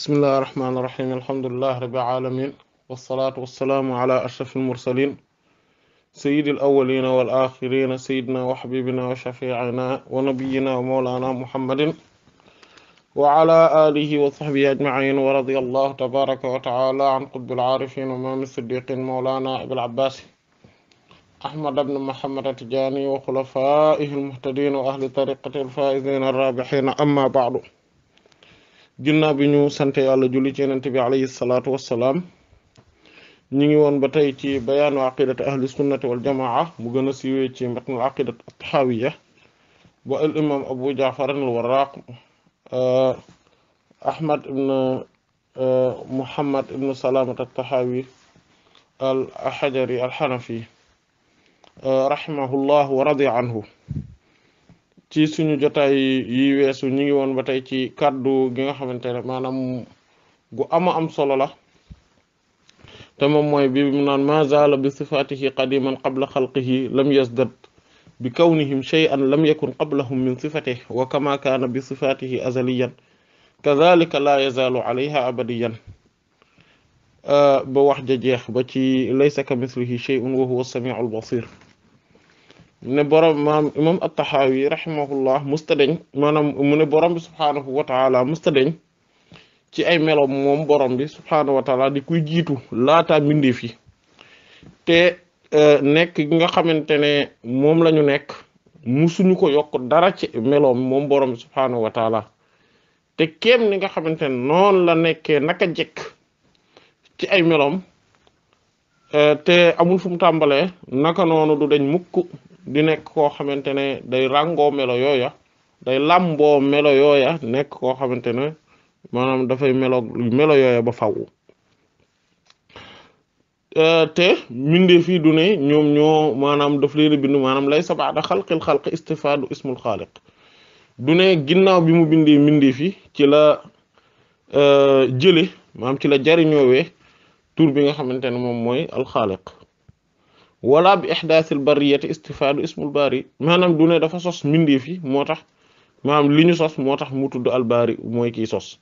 بسم الله الرحمن الرحيم الحمد لله رب العالمين والصلاة والسلام على أشرف المرسلين سيد الأولين والآخرين سيدنا وحبيبنا وشفيعنا ونبينا ومولانا محمد وعلى آله وصحبه أجمعين ورضي الله تبارك وتعالى عن قطب العارفين ومام الصديقين مولانا ابن العباس أحمد بن محمد التجاني وخلفائه المهتدين وأهل طريقة الفائزين الرابحين أما بعد جنا بنيو سنتي على جولي جنان تبي عليه الصلاة والسلام نيوان بتاي تي بيان عقيدة أهل السنة والجماعة مجن سيوي تي مكن عقيدة الطحاوية والإمام أبو جعفر الوراق أحمد بن محمد بن سلامة الطحاوي الحجري الحنفي رحمه الله ورضي عنه ci suñu jotaay yi wessu ñi ngi won batay ci kàddu gi nga xamantene manam gu ama am solo la te mom moy bi mu nan ma zaala bi sifatihi qadiman qabla khalqihi lam yasdad bi kawnihim shay'an lam yakun qablahum min sifatihi wa kama kana bi sifatihi azaliyan kadhalika la yazalu alayha abadiyan ba wax ja jeex ba ci laysa kamithlihi shay'un wa huwa as-sami'ul basir ne borom maam imam altahawi rahimahullah musta dañ maanaam mu ne borom bi subhanahu wa taala musta dañ ci ay melom moom borom bi subhanahu wa taala di koy jiitu laata mbindi fi te e, nekk gi nga xamante ne moom lañu nekk musuñu ko yokk dara ci melom moom borom bi subhanahu wa taala te kéem ni nga xamante ne noonu la nekkee naka jekk ci ay melom e, te amul fu mu tàmbalee naka noonu du dañ mukk di nekk koo xamante ne day ràngoo melo yooya day làmboo melo yooya nekk koo xamante ne maanaam dafay melo melo yooya ba faw euh, te mbindee fii du ne ñoom ñoo maanaam daf leen bind maanaam lay sabaada xalqil xalq istifaadu ismul xaaliq du ne ginnaaw bi mu bindee mbindee fi ci la euh, jële maanaam ci la jariñoowee tur bi nga xamante ne moom mooy alxaaliq ولا باحداث البريه استفاد اسم الباري مانام دونه فصص فاصوص مندي في موتاخ مام لي ني سوس موتاخ مو تود الباري موي كي سوس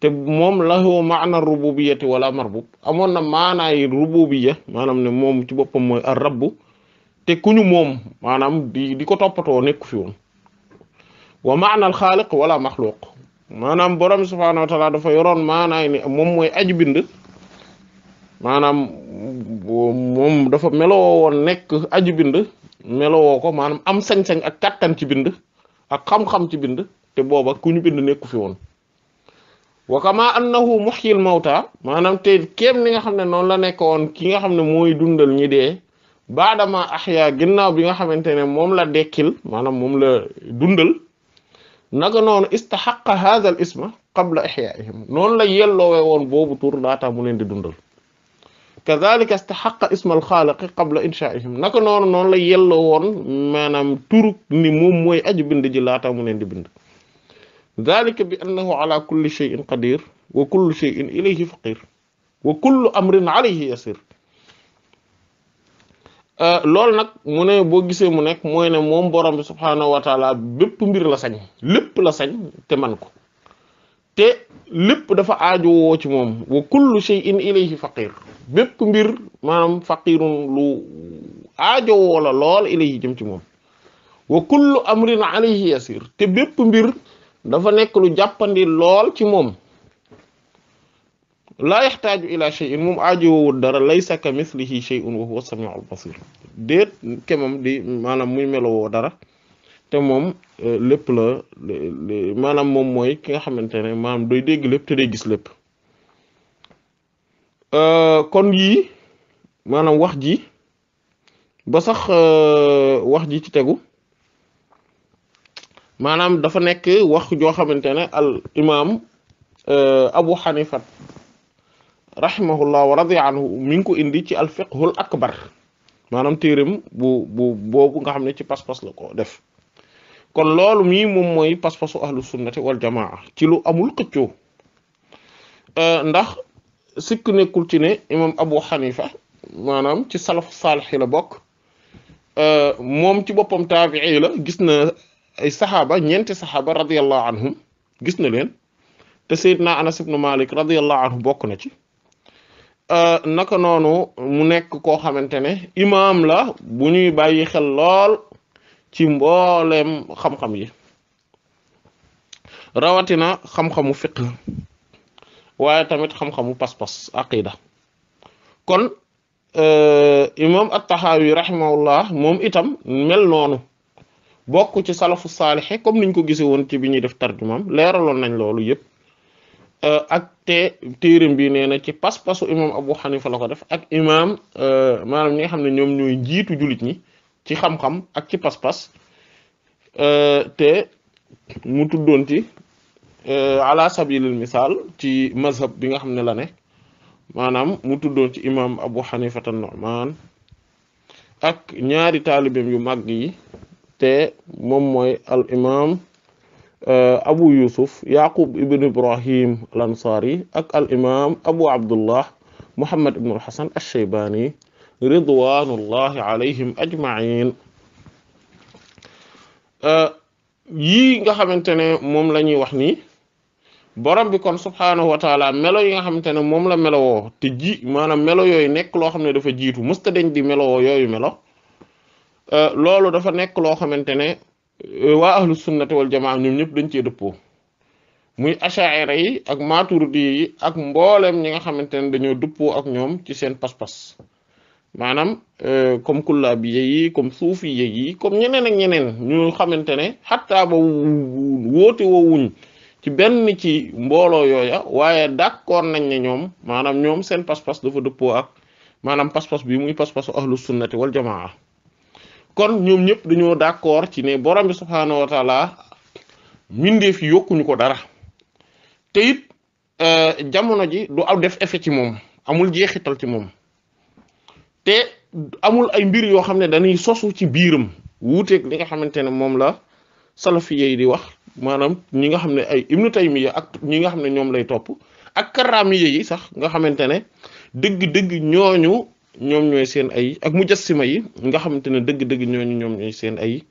ت موم له معنى الربوبيه ولا مربوب امون معنى الربوبيه مانام ني موم تي بوبم موي الربو تكون كونو موم مانام دي ديكو توپاتو نيكو في ومعنى الخالق ولا مخلوق مانام بروم سبحانه وتعالى دا فا يورون معنى ني موم موي maanaam moom dafa meloo woon nekk aju bind melowoo ko maanaam am sañ-sañ ak kattan ci bind ak xam-xam ci bind te booba ku ñu bind nekku fi woon wa kama annahu muhyil mawta maanaam te kéem ni nga xam ne noonu la nekk woon ki nga xam ne mooy dundal ñi dee baadama ahya ginnaaw bi nga xamante ne moom la dekkil maanaam moom la dundal naka noonu istaxaqa hadha al isma qabla ihyaihim noonu la yelloowe woon boobu tur laata mu leen di dundal كذلك استحق اسم الخالق قبل انشائهم نك نون نون لا يلا وون مانام تورك ني موم موي ادي بند جي لاتا مونين دي بند ذلك بانه على كل شيء قدير وكل شيء اليه فقير وكل امر عليه يسير lool nak mu ne bo gisee mu nek moy ne mom borom bi subhanahu wa ta'ala bepp mbir la sañ lepp la sañ te man ko te lepp dafa aaju wo ci mom bépp mbir maanaam faqirun lu aajowoo la lool ilayhi jëm ci moom wa kullu amrin alayhi yasir te bépp mbir dafa nekk lu jàppandi lool ci moom laa yaxtaaju ila shay'in moom aajowowul dara laysa ka mislihi shay'un wa huwa samiul basir déet kemam di maanaam muy melowoo dara te moom euh, lépp la maanaam moom mooy ki nga xamante ne maanaam doy dégg lépp te day gis lépp Euh, kon yii maanaam wax ji ba sax euh, wax ji ci tegu maanaam dafa nekk wax joo xamante ne al imaam euh, Abu Hanifa rahimahullah wa radiya anhu mi ngi ko indi ci al fiqhul akbar maanaam téeram bu bu boobu nga xam ne ci pas-pas la ko def kon loolu mii moom mooy pas-pasu ahlu sunnati wal jamaa ci lu amul xëccoo ndax سك نقول تنه إمام أبو حنيفة ما نام تسلف صالح إلى بق مم تبغى بام تابعي له قسنا الصحابة نين الصحابة رضي الله عنهم جسنا لين تسيرنا أنا سيدنا مالك رضي الله عنه بق نجى نكنونو منك كوهام تنه إمام لا بني باي خلال تيمبولم خم خمية رواتنا خم خم فقه waaye tamit xam-xamu pas-pas aqida kon euh, imam at-Tahawi rahimahullah moom itam mel noonu bokk ci salafu saalixe comme niñ ko gise woon ci bi ñuy def tarjumam leeraloon nañ loolu yëpp euh, ak te téeram bi nee na ci pas-pasu imam Abu Hanifa la ko def ak imam euh, maanaam ñi nga xam ne ñoom ñooy njiitu julit ñi ci xam-xam ak ci pas-pas te mu tuddoon ci Euh, ala sabilil misaal ci mazhab bi nga xam ne la ne maanaam mu tuddoon ci imam Abu Hanifa an ak ñaari taalibeem yu màgg yi te moom mooy al euh, Abu Yusuf Yaqub ibn Ibrahim al-Ansari ak al Abu Abdullah Muhammad ibn al-Hasan ash-Shaybani ridwanullahi alayhim ajma'in euh, yii nga xamante ne moom lañuy wax nii borom bi kon subhaanahu wa taala melo yi nga xamante ne moom la melowoo te ji maanaam melo yooyu nekk loo xam ne dafa jiitu mësta dañ di melowoo yooyu melo euh, loolu dafa nekk loo xamante ne euh, waa ahlu sunnati wal jamaa ñoom ñëpp dañ cee dëppoo muy achaira yi ak maturidi yi ak mboolem ñi nga xamante ne dañoo dëppoo ak ñoom ci seen pas-pas maanaam euh, comme kullaabi yi comme suufi yi comme ñeneen ak ñeneen ñu xamante ne xataa ba wóote ci benn ci mbooloo yooya waaye d'accord nañ ne ñoom maanaam ñoom seen pas-pas dafa dëppoo ak maanaam pas-pas bi muy pas-pasu ahlu sunnati wal jamaa kon ñoom ñëpp dañoo d'accord ci ne borom bi subhanahu wa taala mbindeef fi yokkuñu ko dara te it euh, jamono ji du aw def effet ci moom amul jeexital ci moom te amul ay mbir yoo xam ne dañuy sosu ci biiram wuuteeg li nga xamante ne moom la salafi di wax maanaam ñi nga xam ne ay ibnu taymiya ak ñi nga xam ne ñoom lay topp ak karamiya yi sax nga xamante ne dëgg-dëgg ñooñu ñoom ñooy seen ay ak mujassima yi nga xamante ne dëgg-dëgg ñooñu ñoom seen ay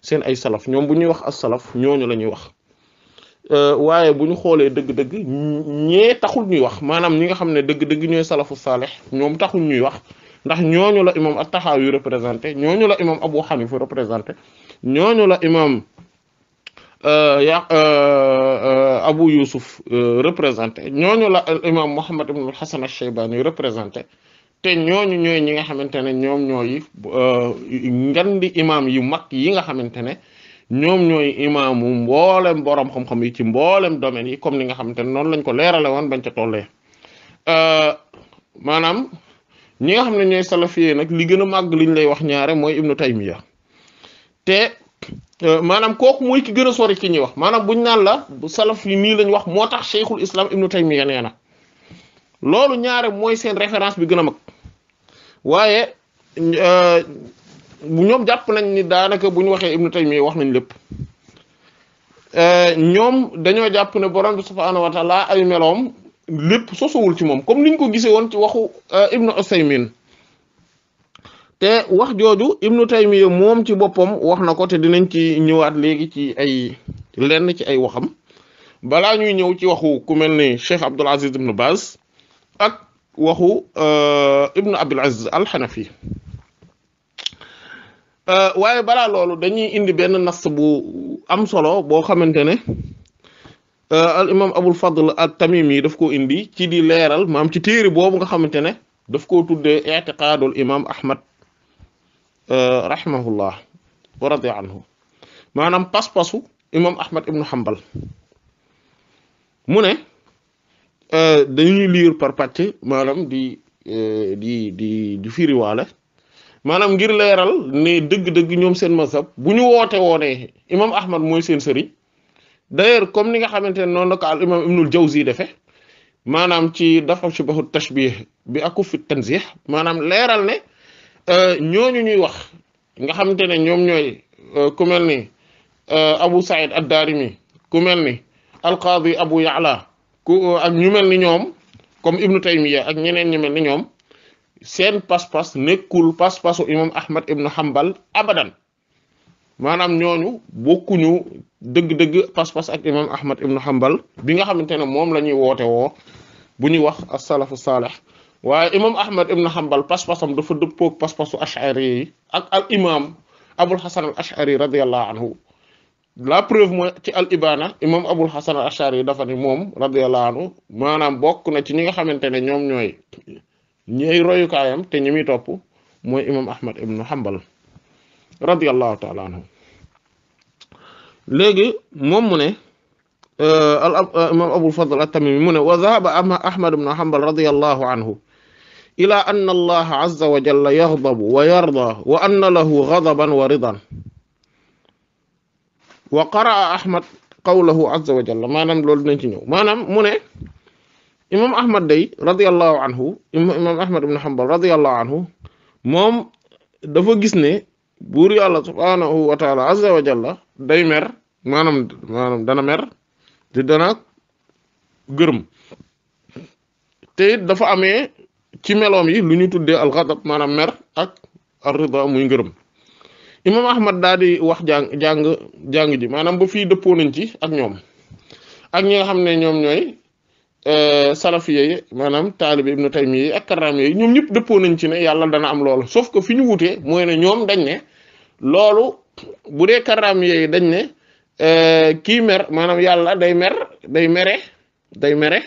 seen ay salaf ñoom bu ñuy wax as salaf ñooñu la ñuy wax euh, waaye bu ñu xoolee dëgg-dëgg ñee taxul ñuy wax maanaam ñi nga xam ne dëgg-dëgg ñooy salafu saalih ñoom taxul ñuy wax ndax ñooñu la imam at-Tahawi représenté ñooñu la imam Abu Hanifa représenté ñooñu la imam Euh, ya euh, euh, Abu Yusuf représenté ñooñu la imam Muhammad ibn al-Hasan al-Shaybani représenté te ñooñu ñooy ñi nga xamante ne ñoom ñooy ngandi imam yu mag yi nga xamante ne ñoom ñooy imaamu mboolem boroom xam-xam yi ci mboolem domaine yi comme ni nga xamante ne noonu lañ ko leerale woon bañ ca tollee maanaam ñi nga xam ne ñooy salafiyee nag li gën a màgg liñ lay wax ñaare mooy ibnu taymiya te Euh, maanaam kooku mooy ki gën a sori ci ñuy wax maanaam buñ naan la bu salaf yi nii lañ wax moo tax cheikhul islam ibnu taymiya nee na loolu ñaare mooy seen référence bi gën a mag waaye euh, ñoom jàpp nañ ni daanaka bu ñu waxee ibnu taymiya wax nañ lépp euh, ñoom dañoo jàpp ne borom bi subhaanahu wa taala ay meloom lépp sosowul ci moom comme niñ ko gisee woon ci waxu ibnu usaymin te wax jooju ibnu taymiya moom ci boppam wax na ko te dinañ ci ñëwaat léegi ci ay lenn ci ay waxam balaa ñuy ñëw ci waxu ku mel ni cheikh abdul aziz ibnu baz ak waxu euh, ibnu abdul aziz alxanafi euh, waaye balaa loolu dañuy indi benn nas bu am solo boo xamante ne euh, al imam abul fadl at tamimi daf ko indi ci di leeral maam ci téere boobu nga xamante ne daf koo tuddee i'tiqaadul imam ahmad آه، رحمه الله ورضي عنه مانام باس باسو امام احمد ابن حنبل مونے ا آه، دانيو لير بار باتي مانام دي دي دي دي في رواله مانام غير ليرال ني دغ دغ نيوم سين مذهب بونيو ووتو وونه امام احمد موي سين سري داير كوم نيغا خامتاني نون لوكال امام ابن الجوزي دافه مانام تي دافو شبه التشبيه باكو في التنزيح مانام ليرال ني Euh, ñooñu ñuy wax nga xamante ne ñoom ñooy euh, ku ni euh, Abu Saïd ad-Darimi ku mel ni Abu Ya'la ku ak ñu mel ni ñoom comme Ibnu Taymiya ak ñeneen ñu ni ñoom seen pas-pas nekkul pas-pasu imam Ahmad ibnu Hanbal abadan maanaam ñooñu bokkuñu dëgg-dëgg pas-pas ak imam Ahmad ibnu Hanbal bi nga xamante ne moom la ñuy woote woo bu ñuy wax as-salafu waaye imam ahmad ibn hanbal pas-pasam dafa dëppoog pas-pasu ashari yi ak al imam abul hasan al ashari radiallahu anhu la preuve mooy ci al ibana imam abul hasan al ashari dafa ni moom radiallahu anhu maanaam bokk na ci ñi nga xamante ne ñoom ñooy ñooy royukaayam te ñi muy topp mooy imam ahmad ibn hanbal radiallahu taala anhu léegi moom mu ne al أبو الفضل التميمي من وذهب mu ne wa dhahaba ahmad ibn hanbal إلى أن الله عز وجل يغضب ويرضى وأن له غضبا ورضا وقرأ أحمد قوله عز وجل ما نم لول نتنيو ما نم من إمام أحمد دي رضي الله عنه إمام أحمد بن حنبل رضي الله عنه موم دفو جسني بوري الله سبحانه وتعالى عز وجل دي مر ما نم ما نم دنا مر دي دنا جرم تيد دفو أمي ci meloom yi lu ñu tuddee alxadab maanaam mer ak arrida muy ngërëm imam ahmad daal di wax jàng jàng jàng ji maanaam ba fii dëppoo nañ ci ak ñoom ak ñi xam ne ñoom ñooy euh, salafiye yi maanaam taalibe na taymiye yi ak karram yi ñoom ñëpp dëppoo nañ ci ne yàlla dana am loolu sauf que fi ñu wutee mooy ne ñoom dañ ne loolu bu dee karram yi dañ ne euh, kii mer maanaam yàlla day mer day mere day mere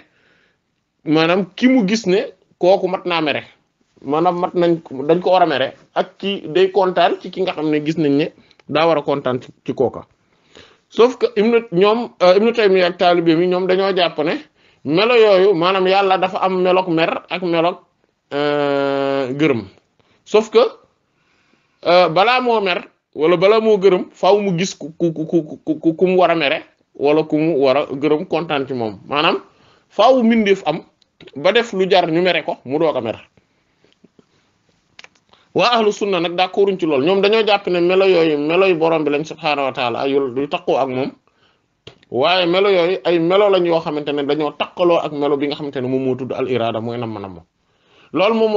maanaam ki mu gis ne kooku mat naa mere maanaam mat nañ dañ ko war a mere ak ki day kontaan ci ki nga xam ne gis nañ ni daa war a kontaan ci kooka sauf que Ibnu ñoom euh, Ibnu Taymiyya ak taalibe mi ñoom dañoo jàpp ne melo yooyu maanaam yàlla dafa am melok mer ak melok euh, gërëm sof que euh, balaa moo mer wala balaa moo gërëm faaw mu gis ku ku ku ku ku mu war a mere wala ku mu war a gërëm kontaan ci moom maanaam faaw mbindeef am. ba def lu jar ñu mere ko mu doog a mer waa ahlu sunna nag d'accorduñ ci lool ñoom dañoo jàpp ne melo yooyu melo yu borom bi lañ subhaanahu wa taala ay yu taqoo ak moom waaye melo yooyu ne moom moo tudd al irada mooy moo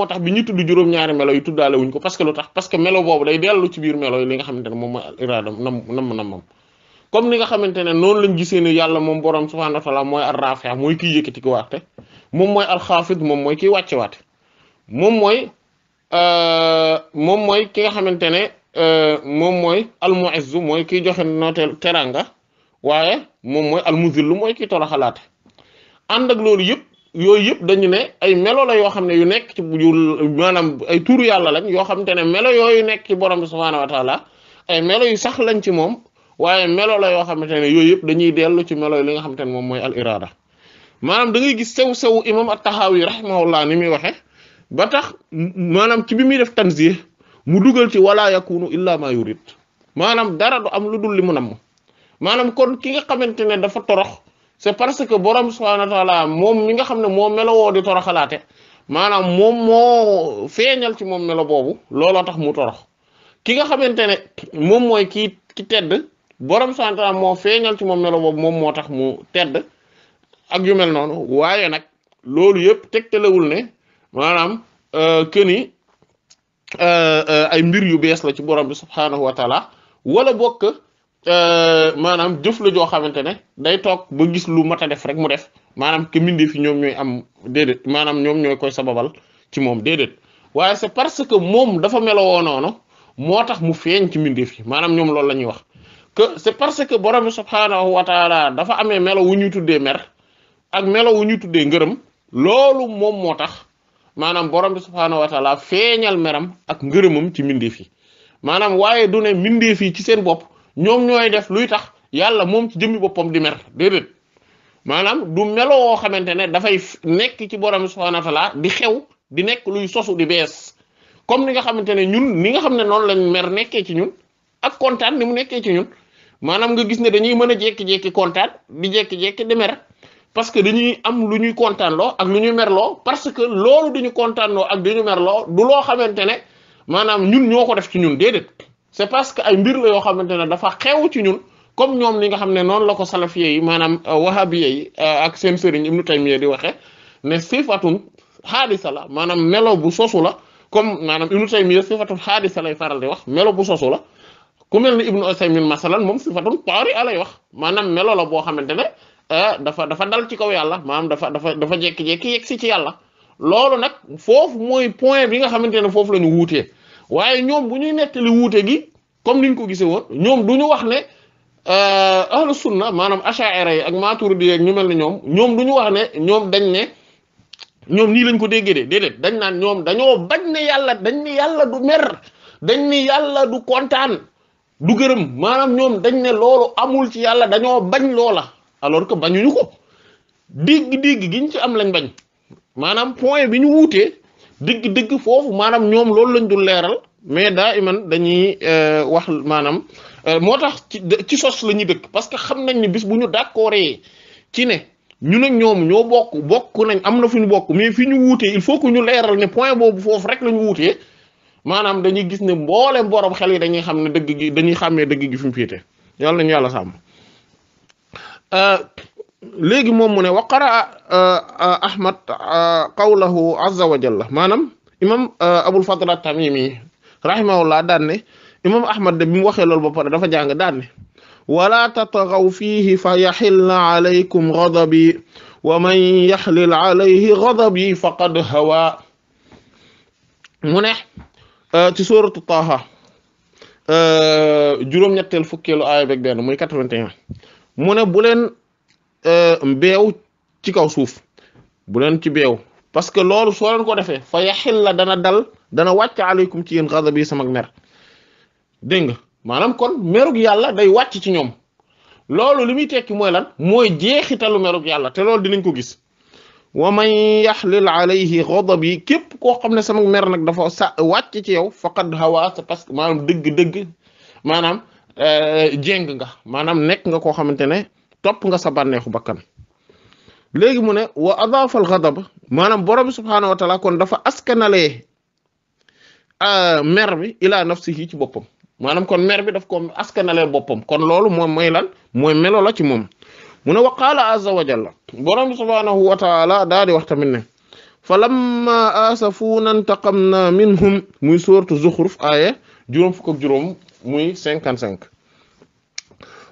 tax bi ñu tudd juróom-ñaari melo yu tuddaale wuñ ko parce que lu tax parce que melo boobu day dellu ci biir melo nga xamante ne al irada nam noonu lañ gisee ne yàlla moom borom subhaanahu wa taala mooy ar yëkkati ko waate moom mooy alxaafid moom mooy kiy wàcce waate moom mooy euh, moom mooy ki nga xamante ne euh, moom mooy almuizzu mooy kiy joxe nooteel teranga waaye moom mooy almuzillu mooy kiy toroxalaate ànd ak loolu yëpp yooyu yëpp dañu ne ay melo yoo xam ne yu nekk ci yu maanaam ay tuuru yàlla lañ yoo xamante ne melo yooyu nekk ci borom bi subhaanahu wa taala ay melo sax lañ ci moom waaye melo la yoo xamante ne yooyu yëpp dañuy dellu ci melo yi li nga xamante ne moom mooy al iraada maanaam da ngay gis sew sew imam at-Tahawi rahimahullah ni muy waxe ba tax maanaam ci bi muy def tanzih mu dugal ci wala yakunu illa ma yurid maanaam dara du am lu dul li mu namm maanaam kon ki nga xamante ne dafa torox c'est parce que borom subhanahu wa ta'ala moom mi nga xam ne moo melowoo di toroxalaate maanaam moom moo feeñal ci moom melo boobu looloo tax mu torox ki nga xamante ne moom mooy kii ki tedd borom subhanahu moo feeñal ci moom melo boobu moom moo tax mu tedd ak yu mel noonu waaye nag loolu yëpp telewul ne maanaam euh, que ni euh, euh, ay mbir yu bees la ci borom bi subhaanahu wa taala wala bokk maanaam jëf la joo xamante ne day toog ba gis lu mat a def rek mu def maanaam que mbindee fi ñoom ñooy am déedéet maanaam ñoom ñooy koy sababal ci moom déedéet waaye c'est parce que moom dafa melowoo noonu moo tax mu feeñ ci mbindeef yi maanaam ñoom loolu la ñuy wax que c'est parce que borom bi subhaanahu wa dafa amee melowu wu ñuy tuddee mer ak melo wuñu tuddé ngeureum loolu mom motax manam borom subhanahu wa taala feñal meram ak ngeureumum ci minde fi manam waye du né minde fi ci seen bop ñom ñoy def luy tax yalla mom ci jëmmi boppam di mer dedet manam du melo wo xamantene da fay nekk ci borom subhanahu wa taala di xew di nekk luy sosu di bes comme ni nga xamantene ñun ni nga xamne nyun, lañ mer nekkee ci ñun ak contane ni mu nekkee ci ñun manam nga gis ne dañuy mëna jékki-jékki di jékki-jékki di mer parce que dañuy am lu ñuy kontaanloo ak lu ñuy merloo parce que loolu dañu kontaanloo ak dañu merloo du loo xamante ne maanaam ñun ñoo ko def ci ñun déedéet c'est parce que ay mbir la yoo xamante ne dafa xew ci ñun comme ñoom li nga xam ne noonu la ko salafiyé yi maanaam euh, wahabiye yi euh, ak seen sëriñ Ibnu Taymiyya di waxe ne sifatun xaadisa la maanaam melo bu sosu la comme maanaam Ibnu Taymiyya sifatun xaadisa lay faral di wax melo bu sosu la ku mel ni Ibnu Usaymin masalan moom sifatun taari wax maanaam melo boo xamante ne Eh, dafa dafa dal ci kaw yàlla maam dafa dafa dafa jekki jékki yegg si ci yàlla loolu nag foofu mooy point bi nga xamante ne foofu lañu ñu wuutee waaye ñoom bu ñu nettali wuute gi comme niñ ko gisee woon ñoom du ñu wax ne eh, ahlu sunna maanaam asha'ira yi ak maturidi yi ak ñu mel ne ñoom ñoom du ñu wax ne ñoom dañ ne ñoom nii lañ ko déggee de déedéet dañ naan ñoom dañoo bañ ne yàlla dañ ne yàlla du mer dañ ne yàlla du kontaan du gërëm maanaam ñoom dañ ne loolu amul ci yàlla dañoo bañ loola alors que bañuñu ko dégg-dégg gi ci am lañ bañ maanaam point bi ñu wuutee dégg-dégg foofu maanaam ñoom loolu lañu dul leeral mais daa iman dañuy euh, wax maanaam euh, moo tax ci ci sos la ñuy dëkk parce que xam nañ ni bis bu ñu d'accord ci ne ñu ne ñoom ñoo bokk bokk nañ am na fu ñu bokk mais fi ñu wuutee il faut que ñu leeral ne point boobu foofu rek la ñu wuutee maanaam dañuy gis ne mboolem borom xel yi dañuy xam ne dëgg gi dañuy xàmmee dëgg gi fi mu féete yàlla nañu yàlla sàmm léegi moom mu ne wa qaraa ahmad qawlahu azza wa jalla maanaam imam abul fadl at-tamimi rahimahullah daan ne imam ahmad de bi mu waxee loolu ba pare dafa jàng daan ne wala tatghaw fihi fa yaxilla alaykum ghadabi wa man yaxlil alayhi ghadabi faqad hawa mu ne ci suuratu taaha juróom-ñetteel fukkeelu aaya beg benn muy 81 mu ne bu leen euh, mbeew ci kaw suuf bu leen ci beew parce que loolu soo leen ko defee fa yaxil la dana dal dana wàcc aleykum ci yéen xadabi sama mer dégg nga maanaam kon merug yàlla day wàcc ci ñoom loolu li muy tekki mooy lan mooy jeexitalu merug yàlla te loolu dinañ ko gis wa man yaxlil alayhi xadabi képp koo xam ne sama meer nag dafa sa wàcc ci yow faqad hawa parce que maanaam dëgg-dëgg maanaam Euh, jéng nga maanaam nekk nga koo xamante ne topp nga sa bànneexu bakkan léegi mu ne wa adaafa al ghadab borom bi subhaanahu kon dafa askanalee euh, mer bi ila nafsihi ci boppam maanaam kon mer bi daf ko askanalee boppam kon loolu moom mooy lan mooy melo la ci moom mu ne wa qaala azza wa jalla borom bi subhaanahu wa taala daa di wax tamit ne fa lamma asafuuna intaqamna minhum muy soortu zuxruf aaye juróom fukk juróom muy cinquante cinq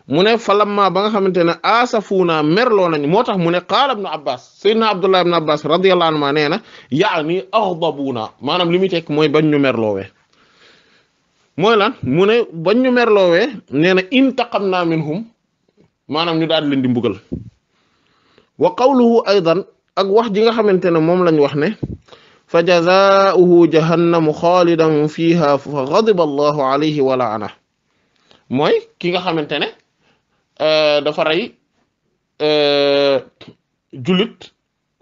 mu ne falamma ba nga xamante ne asafuuna merloo nañ moo tax mu ne qaala ibnu abbas sayyidna abdullah ibnu abbas radiyallahu anhuma nee na yaani axdabuuna maanaam li muy tekk mooy bañ ñu merloowee mooy lan mu ne bañ ñu merloowee nee na ñu daal leen di bugal wa qawluhu aydan ak wax ji nga xamante ne moom lañ wax ne فجزاؤه جهنم xaalidan fiha fa ghadiba allahu alayhi wa la'ana mooy ki nga xamante ne dafa rey jullit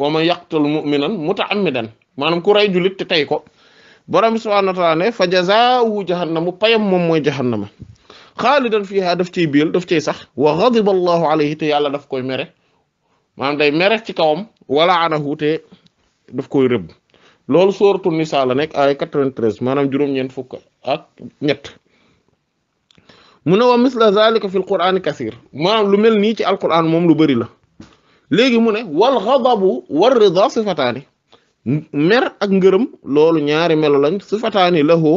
wa man yaqtul mu'minan muta'ammidan maanaam ku rey jullit te tey ko borom bi subhaanahu wa taala ne fa jazaa'uhu jahannamu payam moom mooy jahannama xaalidan fiha daf ciy biil daf ciy sax wa ghadiba allahu alayhi te yàlla daf koy mere maanaam day mere ci kawam wa la'anahu te daf koy rëbb loolu sooratu Nisaa la nekk ay 93 maanaam juróom-ñeent fukk ak ñett mu ne wa misla zalika fil qur'ani kasir maanaam lu mel nii ci alquran moom lu bari la léegi mu ne wal ghadabu war rida sifataani mer ak ngërëm loolu ñaari melo lañ sifataani lahu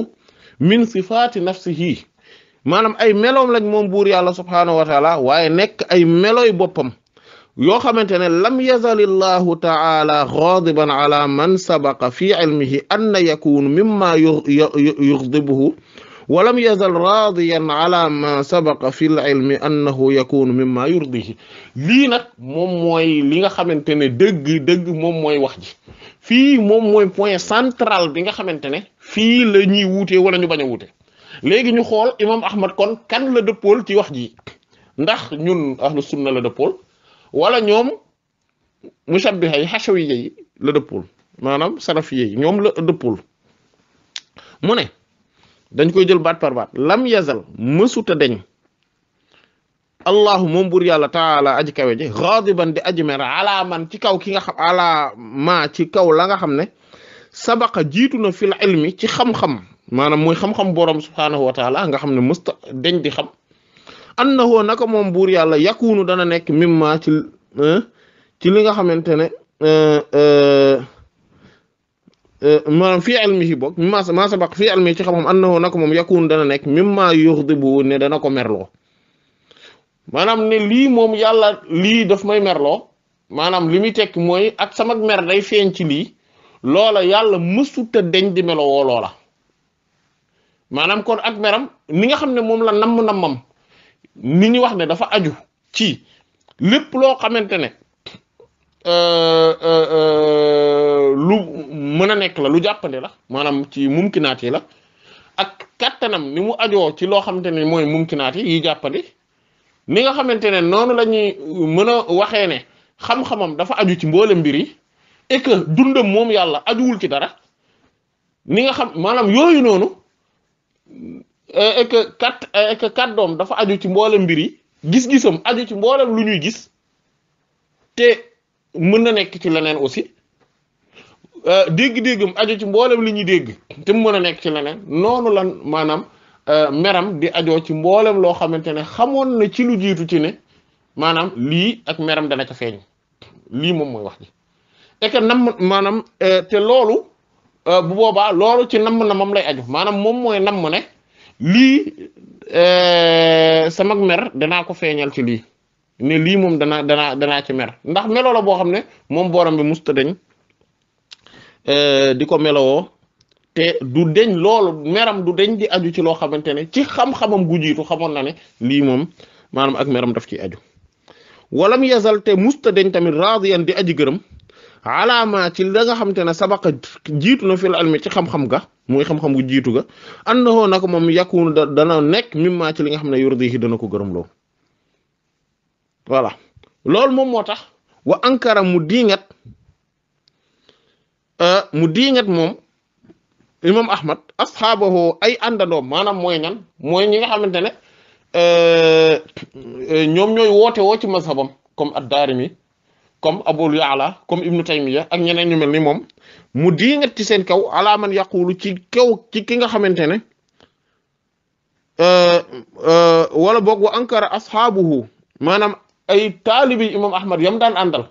min sifaati nafsihi maanaam ay meloom lañ moom buur yàlla subhaanahu wa taala waaye nekk ay melooy boppam yoo xamante ne lam yazalillahu taala xaadiban ala man sabaqa fi ilmihi an yakunu mimma yuxdibuhu wa lam yazal raadiyan ala ma sabaqa fi l ilmi annahu yakunu mimma yurdihi lii nag moom mooy li nga xamante ne dëgg dëgg moom mooy wax ji fii moom mooy point central bi nga xamante ne fii la ñuy wuute wala ñu bañ a wuute léegi ñu xool imam ahmad kon kan la dëppool ci wax ji ndax ñun ahlu sunna la dëppool wala ñoom mushabbiha yi xasawiya yi la dëppul maanaam salafiya yi ñoom la dëppul mu ne dañ koy jël baat par baat lam yazal mësuta deñ allahu moom bur yàlla taala aji kawe ji xaadiban di aji mer ala man ci kaw ki nga xam ala ma ci kaw la nga xam ne sabaqa jiitu na fil ilmi ci xam-xam maanaam mooy xam-xam borom subhanahu wa taala nga xam ne mësta deñ di xam annahu naka mom bur yalla yakunu dana nek mimma ci eh, ci li nga euh euh man fii ilmihi bok mimma ma sabaq fii ilmihi ci xam annahu naka mom yakunu dana nek mimma yughdibu ne dana ko merlo manam ne li mom yalla li daf may merlo manam limi tek moy ak sama mer day feeñ ci li lola yalla musu te deñ di wo lola manam kon ak meram ni nga xamne mom la nam namam ni ñu wax ne dafa aju ci lépp loo xamante ne euh, euh, euh, lu mën a nekk la lu jàppandi la maanaam ci mumkinaat yi la ak kattanam ni mu ajoo ci loo xamante ne mooy mumkinaat yi yi jàppandi ni nga xamante ne noonu lañuy mën a waxee ne xam-xamam dafa aju ci mboole mbir yi et que dundam moom yàlla ajuwul ci dara ni nga xam maanaam yooyu noonu et que kat et que kàddoom dafa aju ci mboolem mbir yi gis-gisam ajo ci mboolem lu ñuy gis te mën na nekk ci leneen aussi euh, dégg-déggam aju ci mboolem li ñuy dégg te mën a nekk ci leneen noonu la maanaam euh, meram di ajoo ci mboolem loo xamante ne xamoon na ci lu jiitu ci ne maanaam lii ak meram dana ca feeñ lii moom mooy wax ji et que nam maanaam euh, te loolu bu boobaa loolu ci namm na moom lay aju maanaam moom mooy namm ne lii euh, sama mer danaa ko feeñal ci lii ne lii moom danaa danaa danaa ci mer ndax melo boo xam ne moom booram bi musta deñ euh, di ko melowoo te du deñ loolu meram du deñ di aju ci loo xamante ne ci xam-xamam gu jiitu xamoon na ne lii moom maanaam ak meram daf ci aju walam yazal te musta deñ tamit radiyan di aji gërëm alaama ci la nga xamante ne sabaqa jiitu na fil almi ci xam-xam ga mooy xam-xam gu jiitu ga àndoo nag moom yàquwul da dana nekk mimmaa ci li nga xam ne yurdihi dana ko gërëmloo voilà loolu moom moo tax wa ankara mu diingat euh, mu diingat moom imam ahmad asxaabahu ay àndandoom maanaam mooy ñan mooy ñi nga xamante ne euh, euh, ñoom ñooy woote woo ci mazhabam comme ad-Daarimi comme Abul Ya'la comme Ibnu Taymiyya ak ñeneen ñu ni moom mu diingat ci seen kaw ala man yaqulu ci kew ci ki nga xamante ne euh, euh, wala boog wa ankara asxaabuhu maanaam ay taalibi imam ahmad yam daan àndal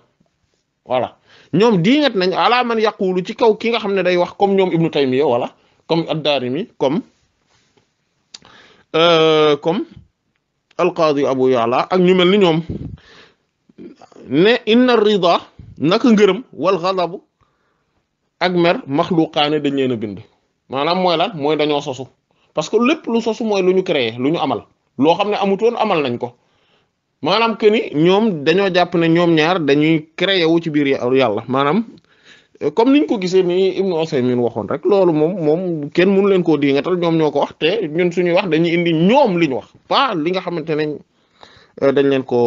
voilà ñoom diingat nañ ala man yaqulu ci kaw ki nga xam ne day wax comme ñoom ibnu taymiya wala comme ad-daarimi comme euh, comme alqaadi abu ya'la ak ñu mel ni ñoom ne inna rida naka ngërëm wal ghadabu ak mer maxluqaane dañ leen bind manam moy lan moy dañoo sosu parce que lepp lu sosu moy luñu créer luñu amal lo xamne ne amal nañ ko manam que ni ñoom dañoo jàpp ne ñom ñaar dañuy créer wu ci bir ya-, yàlla manam comme niñ ko gisee ni ibnu Usaymin waxon rek lolu mom mom kenn mënu ko di nga tal ñom ñoko wax te ñun suñu wax dañuy indi ñom liñ wax pa li nga xamantene Euh, dañ leen ko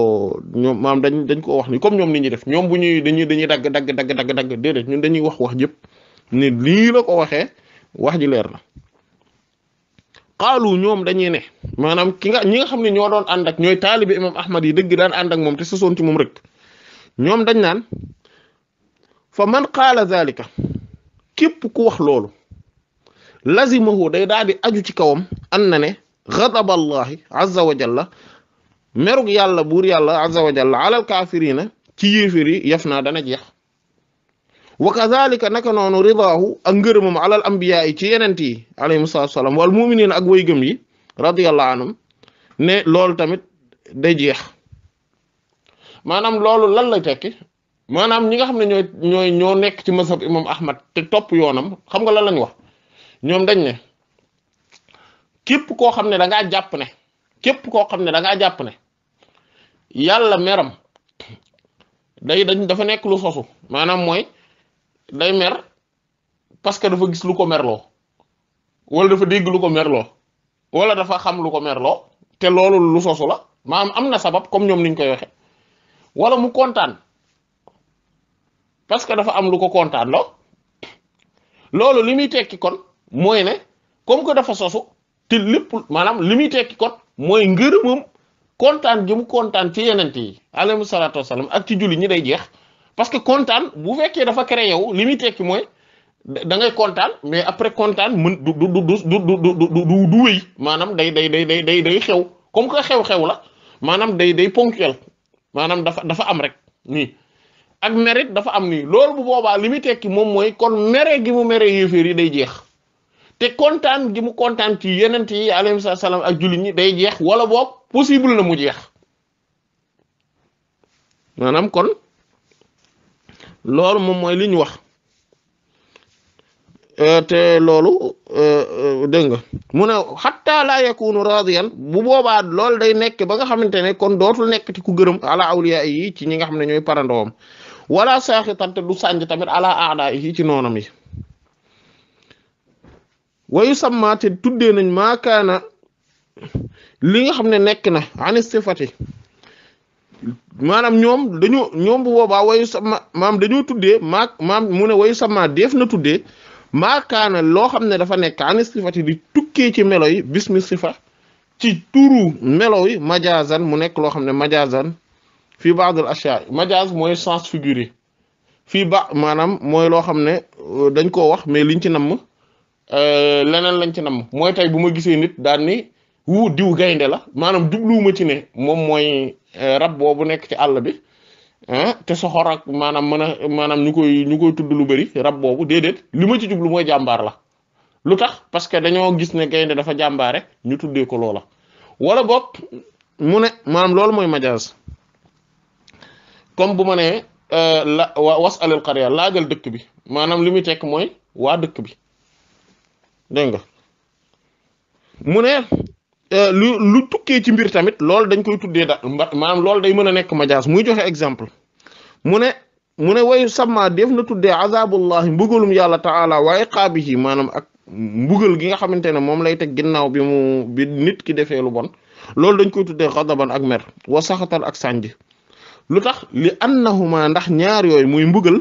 ñoom maam dañ dañ ko wax ni comme ñoom ni ñuy def ñoom bu ñuy dañuy dañuy dagg dagg dagg dagg dagg déedéet ñun dañuy wax wax jëpp ne lii la ko waxee wax ji leer na xaalu ñoom dañuy ne maanaam ki nga ñi nga xam ne ñoo doon ànd ak ñooy taalibi imam ahmad yi dëgg daan ànd ak moom te sosoon ci moom rek ñoom dañ naan fa man qaala zalika képp ku wax loolu lazimahu day daal di aju ci kawam an na ne ghadaba allahi azza wa jalla merug yàlla buur yàlla azza wa jalla alal kaafiriina ci yéeféer yi yaf naa dana jeex wa kazalika naka noonu ridaahu ak ngërëmam alal ambiya yi ci yeneen yi alayhimu salaatu salaam wal muminin ak way gëm yi radiyallahu anhum ne loolu tamit day jeex maanaam loolu lan la tekki maanaam ñi nga xam ne ñooy ñooy ñoo nekk ci mazhab imam ahmad te topp yoonam xam nga lan lañ wax ñoom dañ ne képp koo xam ne da jàpp ne képp koo xam ne da jàpp ne yàlla meram day dañ dafa nekk lu sosu maanaam mooy day mer parce que dafa gis lu ko merloo wala dafa dégg lu ko merloo wala dafa xam lu ko merloo te loolu lu sosu la maanaam am na sabab comme ñoom niñ koy waxe wala mu kontaan parce que dafa am lu ko kontaan loolu li muy tekki kon mooy ne comme que dafa sosu te lépp maanaam li muy kon mooy ngërëmam kontaan gi mu kontaan ci yenente yi alayhi salaatu wasalaam ak ci julli ñi day jeex parce que kontaan bu fekkee dafa créé yow li muy tekki mooy da ngay kontaan mais après kontaan mën du du du du du wéy maanaam day day day day day day xew comme que xew-xew la maanaam day day ponctuel maanaam dafa dafa am rek nii ak mérite dafa am nii loolu bu boobaa li muy tekki moom mooy kon mere gi mu mere yéeféer yi day jeex te kontaan gi mu kontaan ci yenent yi alayhi salaam ak jullit day jeex wala boog possible na mu jeex maanaam kon loolu moom mooy li ñu wax euh, te loolu euh, euh, dégg nga mu ne xatta laa yakunu radiyan bu boobaa loolu day nekk ba nga xamante ne kon dootul ti ku gërëm ala awliya yi ci ñi nga xam ne ñooy parandoom wala saaxitan te du sànj tamit ala aada yi ci noonam yi wayu samma te tuddee nañ maakaana li nga xam ne nekk na ani sifati maanaam ñoom dañoo ñoom bu boobaa wayu sama maam dañoo tuddee maa maam mu ne wayu sama def na tuddee maakaana loo xam ne dafa nekk ani sifati di tukkee ci melo yi bismi ci turu melo yi majaazan mu nekk loo xam ne majaazan fii ba'd al ashya majaaz mooy sens figuré fii ba maanaam mooy loo xam ne euh, dañ koo wax mais liñ ci namm Euh, leneen lañ ci nam mooy tey bu ma gisee nit daan ni wu diw gaynde la maanaam jubluwuma ci ne moom mooy euh, rab boobu nekk ci àll bi te soxor maanaam mën a maanaam ñu koy ñu koy tudd lu bëri rab boobu déedéet li ma ci jublu mooy jàmbaar la lu tax parce que dañoo gis ne gaynde dafa jàmbaare ñu tuddee ko loola wala bopp mu ne maanaam loolu mooy majaas comme bu ma nee euh, la wasalil qarya laajal dëkk bi maanaam li muy tekk mooy waa dëkk bi dégg nga mu ne euh, lu lu tukkee ci mbir tamit lool dañ koy tuddee da mbat maam loolu day mën a nekk majaas muy joxe exemple mu ne mu ne wayu sama def na tuddee azabullahi mbugalum yàlla ta'ala wa iqaabihi maanaam ak mbugal gi nga xamante ne moom lay teg ginnaaw bi mu bi nit ki defee lu bon loolu dañ koy tuddee xadaban ak mer wa saxatal ak sànj lu tax li annahuma ndax ñaari yooyu muy mbugal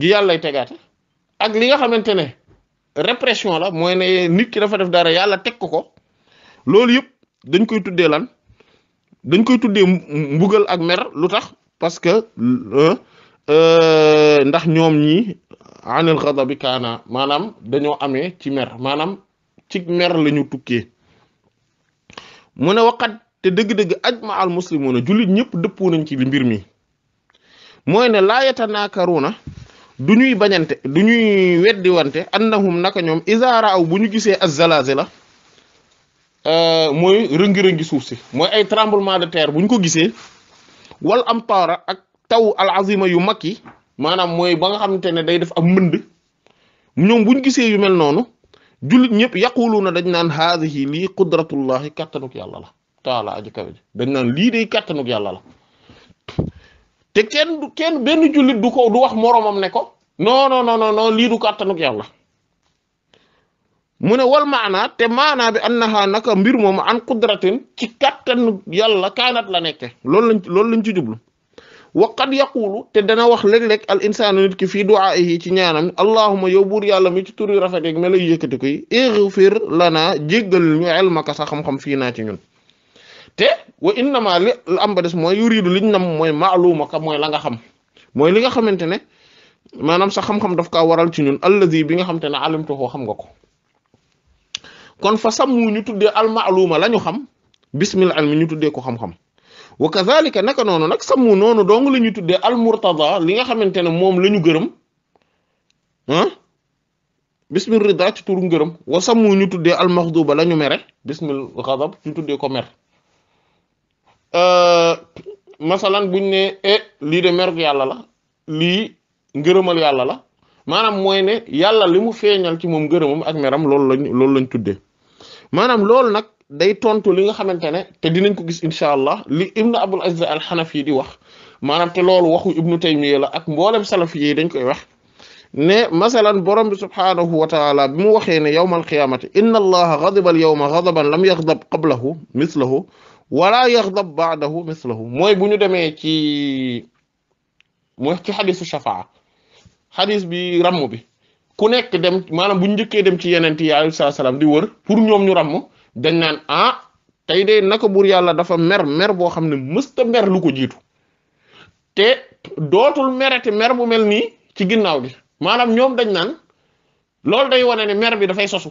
gi yàlla lay tegaate ak li nga xamante ne repression la mooy ne nit ki dafa def dara yàlla teg ko ko loolu yëpp dañ koy tuddee lan dañ koy tuddee mbugal ak mer lu tax parce que euh, euh, ndax ñoom ñi anil ghadabi kaana maanaam dañoo amee ci mer maanaam ci mer lañu ñu tukkee mu ne waqat te dëgg-dëgg ajma al muslimuna jullit ñëpp dëppoo nañ ci li mbir mi mooy ne laayatanaakaruna du ñuy bañante du ñuy weddi wante annahum naka ñoom isaara aw bu ñu gisee az-zalazila euh, mooy rëngi-rëngi suuf si mooy ay tremblement de terre bu ñu ko gisee wal amtaara ak taw al-azima yu mag yi maanaam mooy ba nga xamante ne day def am mbënd ñoom bu ñu gisee yu mel noonu jullit ñëpp yaquluuna dañ naan haadihi lii qudratullahi kàttanuk yàlla la taala aji kawe ji dañ naan lii day kàttanuk yàlla la te kenn du kenn benn julit du ko du wax moromam ne ko non non non non li du kàttanuk yàlla mu wal maana te maana bi annaha naka mbir mom an qudratin ci kàttanuk yalla kanat la nekke lolou lañ ci djublu wa qad yaqulu te dana wax leg leg al insanu nit ki fi du'a'ihi ci ñaanam allahumma yubur yalla mi ci turi rafet melay yekati ko yi ighfir lana jéggal ñu ilmaka sa xam-xam fi na ci ñun te wa innama li am ba mooy yuridu liñ nam mooy maaluma ka mooy la nga xam mooy li nga xamante ne maanaam sa xam-xam daf kaa waral ci ñun allazi bi nga xam te ne alimtuhu xam nga ko kon fa sammu ñu tuddee al maaluma la ñu xam bismil ilmi ñu tuddee ko xam-xam naka noonu nag sammu noonu dong la ñuy tuddee al li nga xamante ne moom la ñu gërëm ah bismil rida ci turu ngërëm wa sammu ñu tuddee al maxduba la ñu mere bismil ghadab ñu tuddee ko mer Euh, masalan buñ ne e lii de meruk yàlla la lii ngërëmal yàlla la maanaam mooy ne yàlla li mu feeñal ci moom ngërëmam ak meram loolu lañ loolu lañ tuddee maanaam loolu nag day tontu li nga xamante ne te dinañ ko gis incha allah li ibnu abul aziz al xanafi di wax maanaam te loolu waxu ibnu taymiya la ak mboolem salafi yi dañ koy wax ne masalan borom bi subhaanahu wa taala bi mu waxee ne yawma alqiyamati inna allaha ghadiba al yawma ghadaban lam yaghdab qablahu mislahu wala yaxdab ba'dahu mislahu mooy bu ñu demee ci mooy ci xadisu shafaa xadis bi ramm bi ku nekk dem maanaam bu njëkkee dem ci yeneen yi alayhi salaam di wër pour ñoom ñu ramm dañ naan ah tey de naka buur yàlla dafa mer mer boo xam ne mësta mer lu ko jiitu te dootul merati mer bu mel nii ci ginnaaw bi maanaam ñoom dañ naan loolu day wane ne mer bi dafay sosu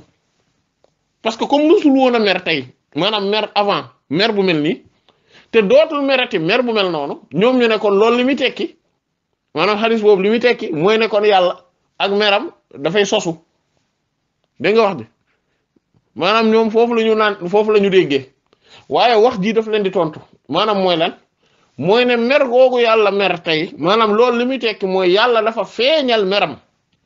parce que comme mësul woon mer tey maanaam mer avant. mer bu mel nii te dootul merati mer bu mel noonu ñoom ñu nekkoon kon loolu li muy tekki maanaam xadis boobu li muy tekki mooy nekkoon yàlla ak meram dafay sosu dégg wax bi maanaam ñoom foofu la ñu naan foofu la ñu déggee waaye wax jii daf leen di tontu maanaam mooy lan mooy ne mer googu yàlla mer tey maanaam loolu li muy tekki mooy yàlla dafa feeñal meram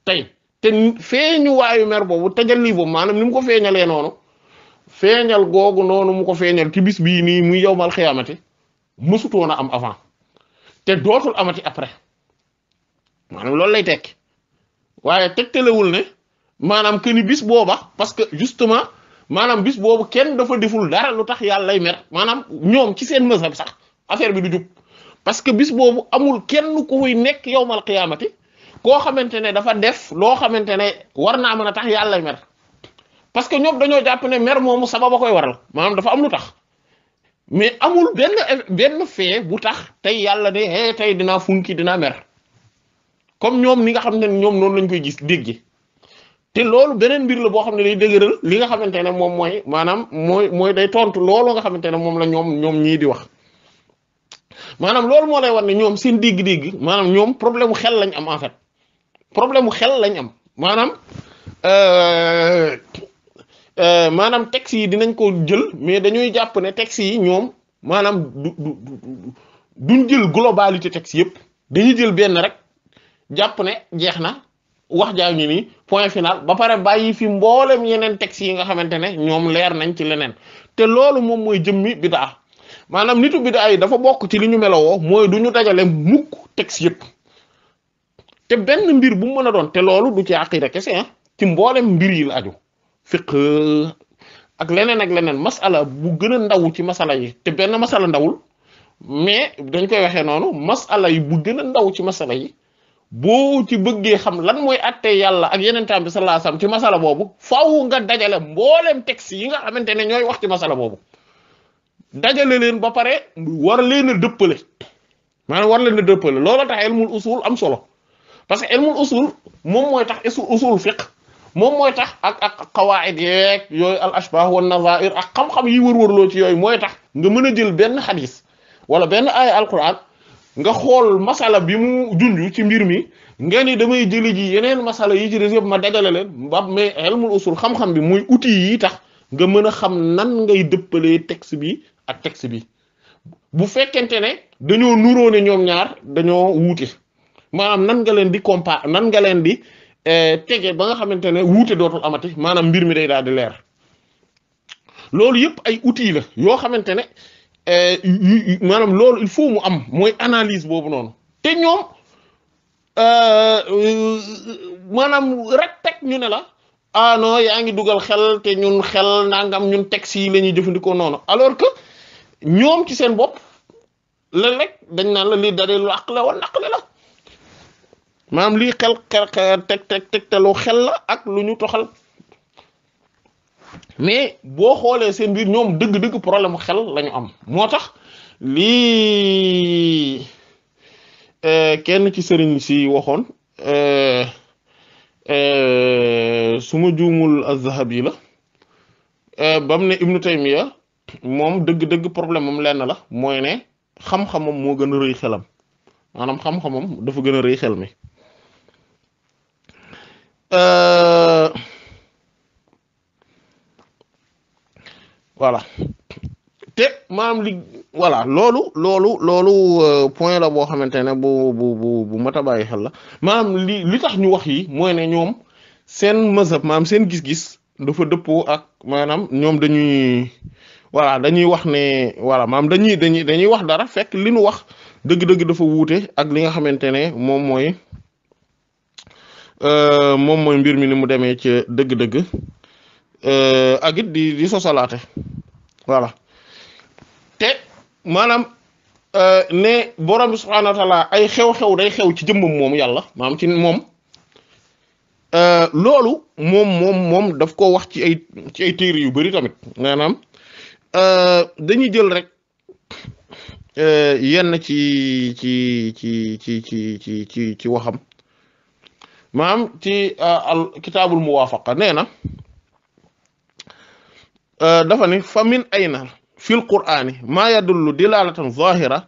tey te feeñu waayu mer boobu tajal lii boobu maanaam ni mu ko feeñalee noonu feeñal googu nonou mu ko feeñal ci bis bi ni muy yowmal xiyaamati mësutoon a am avant té dootul amati après manam lolou lay tekki waaye tegtalewul ne manam que ni bis booba parce que justement manam bis bobu kenn dafa deful dara lutax yalla lay mer manam ñom ci seen mesab sax affaire bi du jub parce que bis bobu amul kenn ku muy nekk yowmal xiyaamati koo xamante dafa def lo xamante warna war naa a tax yalla lay mer. parce que ñoom dañoo jàpp ne mer moomu sababa koy waral maanaam dafa am lu tax mais amul benn benn fee bu tax tey yàlla ne eh tey dinaa funki dinaa mer comme ñoom ni nga xam ne ñoom noonu lañ koy gis dégg te loolu beneen mbir la boo xam ne day dëgëral li nga xamante ne moom mooy maanaam mooy mooy day tontu loolu nga xamante ne moom la ñoom ñoom ñii di wax maanaam loolu moo lay war ne ñoom seen dégg-dégg maanaam ñoom problème mu xel lañ am en fait problème mu xel lañ am maanaam. Euh, Euh, manam taxi yi dinañ ko jël mais dañuy japp ne taxi yi ñoom maanaam duñ jël globalité taxi yépp dañuy jël benn rek japp ne jeexna wax ñi ni point final ba paré bayyi fi mbolam yenen taxi yi nga xamantene ñom leer nañ ci leneen té loolu moom mooy jëmmi bida manam nitu bidaa yi dafa bok ci liñu ñu moy duñu dajalé mukk taxi yépp té benn mbir bu mëna doon té loolu du ci ah, ci mbolam mbir yi la aju fiqh ak leneen ak leneen masala bu gën ndaw ci masala yi te benn masala ndawul mais dañ koy waxee noonu masala yi bu gën a ndaw ci masala yi boo ci bëggee xam lan mooy àttee yàlla ak yeneen tam bi sallallahu alayhi ci masala boobu faaw nga dajale mbooleem texte yi nga xamante ne ñooy wax ci masala boobu dajale leen ba pare war leen a dëppale maanaam war leen a dëppale loola tax ilmul usul am solo parce que ilmul usul moom mooy tax usul fiqh moom mooy tax ak ak xawaayit yeeg yooyu al ashbah wan nazair ak xam-xam yi war wërloo ci yooyu mooy tax nga mën a jël benn xadis wala benn aaya alquran nga xool masala bi mu junj ci mbir mi nga ni damay jëli ji yeneen masala yi ci des yëpp ma dajale leen ba mais ilmul usul xam-xam bi muy uti yi tax nga mën a xam nan ngay dëppale texte bi ak texte bi bu fekkente ne dañoo nuroone ne ñoom ñaar dañoo wuute maanaam nan nga leen di compa nan nga leen di Eh, tege ba nga xamante ne wuute dootul amati maanaam mbir mi day daal leer loolu yëpp ay outils yoo xamante ne eh, maanaam loolu il faut mu am mooy analyse boobu noonu te ñoom eh, maanaam rek teg ñu ne la ah yaa ngi dugal xel te ñun xel nangam ñun teg si la ñuy jëfandikoo noonu alors que ñoom ci seen bopp la rek dañ naan la lii dalil lu aqla wala aqla la. maanaam lii xel xel teg teg tegtalu xel la ak lu ñu toxal mais boo xoolee seen biir ñoom dëgg-dëgg problème xel la ñu am moo tax lii euh, kenn ci sëriñ si waxoon euh, euh, su ma juumul az-Zahabi la bam ne Ibnu Taymiya moom dëgg-dëgg problème am lenn la mooy ne xam-xamam moo gën a rëy xelam maanaam xam-xamam dafa gën a rëy xel mi Euh, voilà te maam li voilà loolu loolu loolu euh, point la boo xamante ne bu bu bu bu mat a bàyyi xel la maam li li tax ñu wax yi mooy ne ñoom seen mazhab maam seen gis-gis dafa dëppoo ak maanaam ñoom dañuy voilà dañuy wax ne wala maam dañuy dañuy dañuy wax dara fekk li nu wax dëgg-dëgg dafa wuute ak li nga xamante ne moom mooy Euh, moom mooy mbir mi ni mu demee ci dëgg-dëgg euh, ak it di di sosalaate voilà te maanaam euh, ne borom bi subhaanahu wa ay xew-xew day xew ci jëmmam moom yàlla maanaam ci moom loolu moom moom moom daf ko wax ci ay ci téere yu bari tamit maanaam dañuy jël rek yenn ci ci ci ci ci ci ci ci waxam maam ci al kitaabul muwaafaqa nee na dafa ni fa min ayna fi l qur'ani maa yadullu dilalatan zahira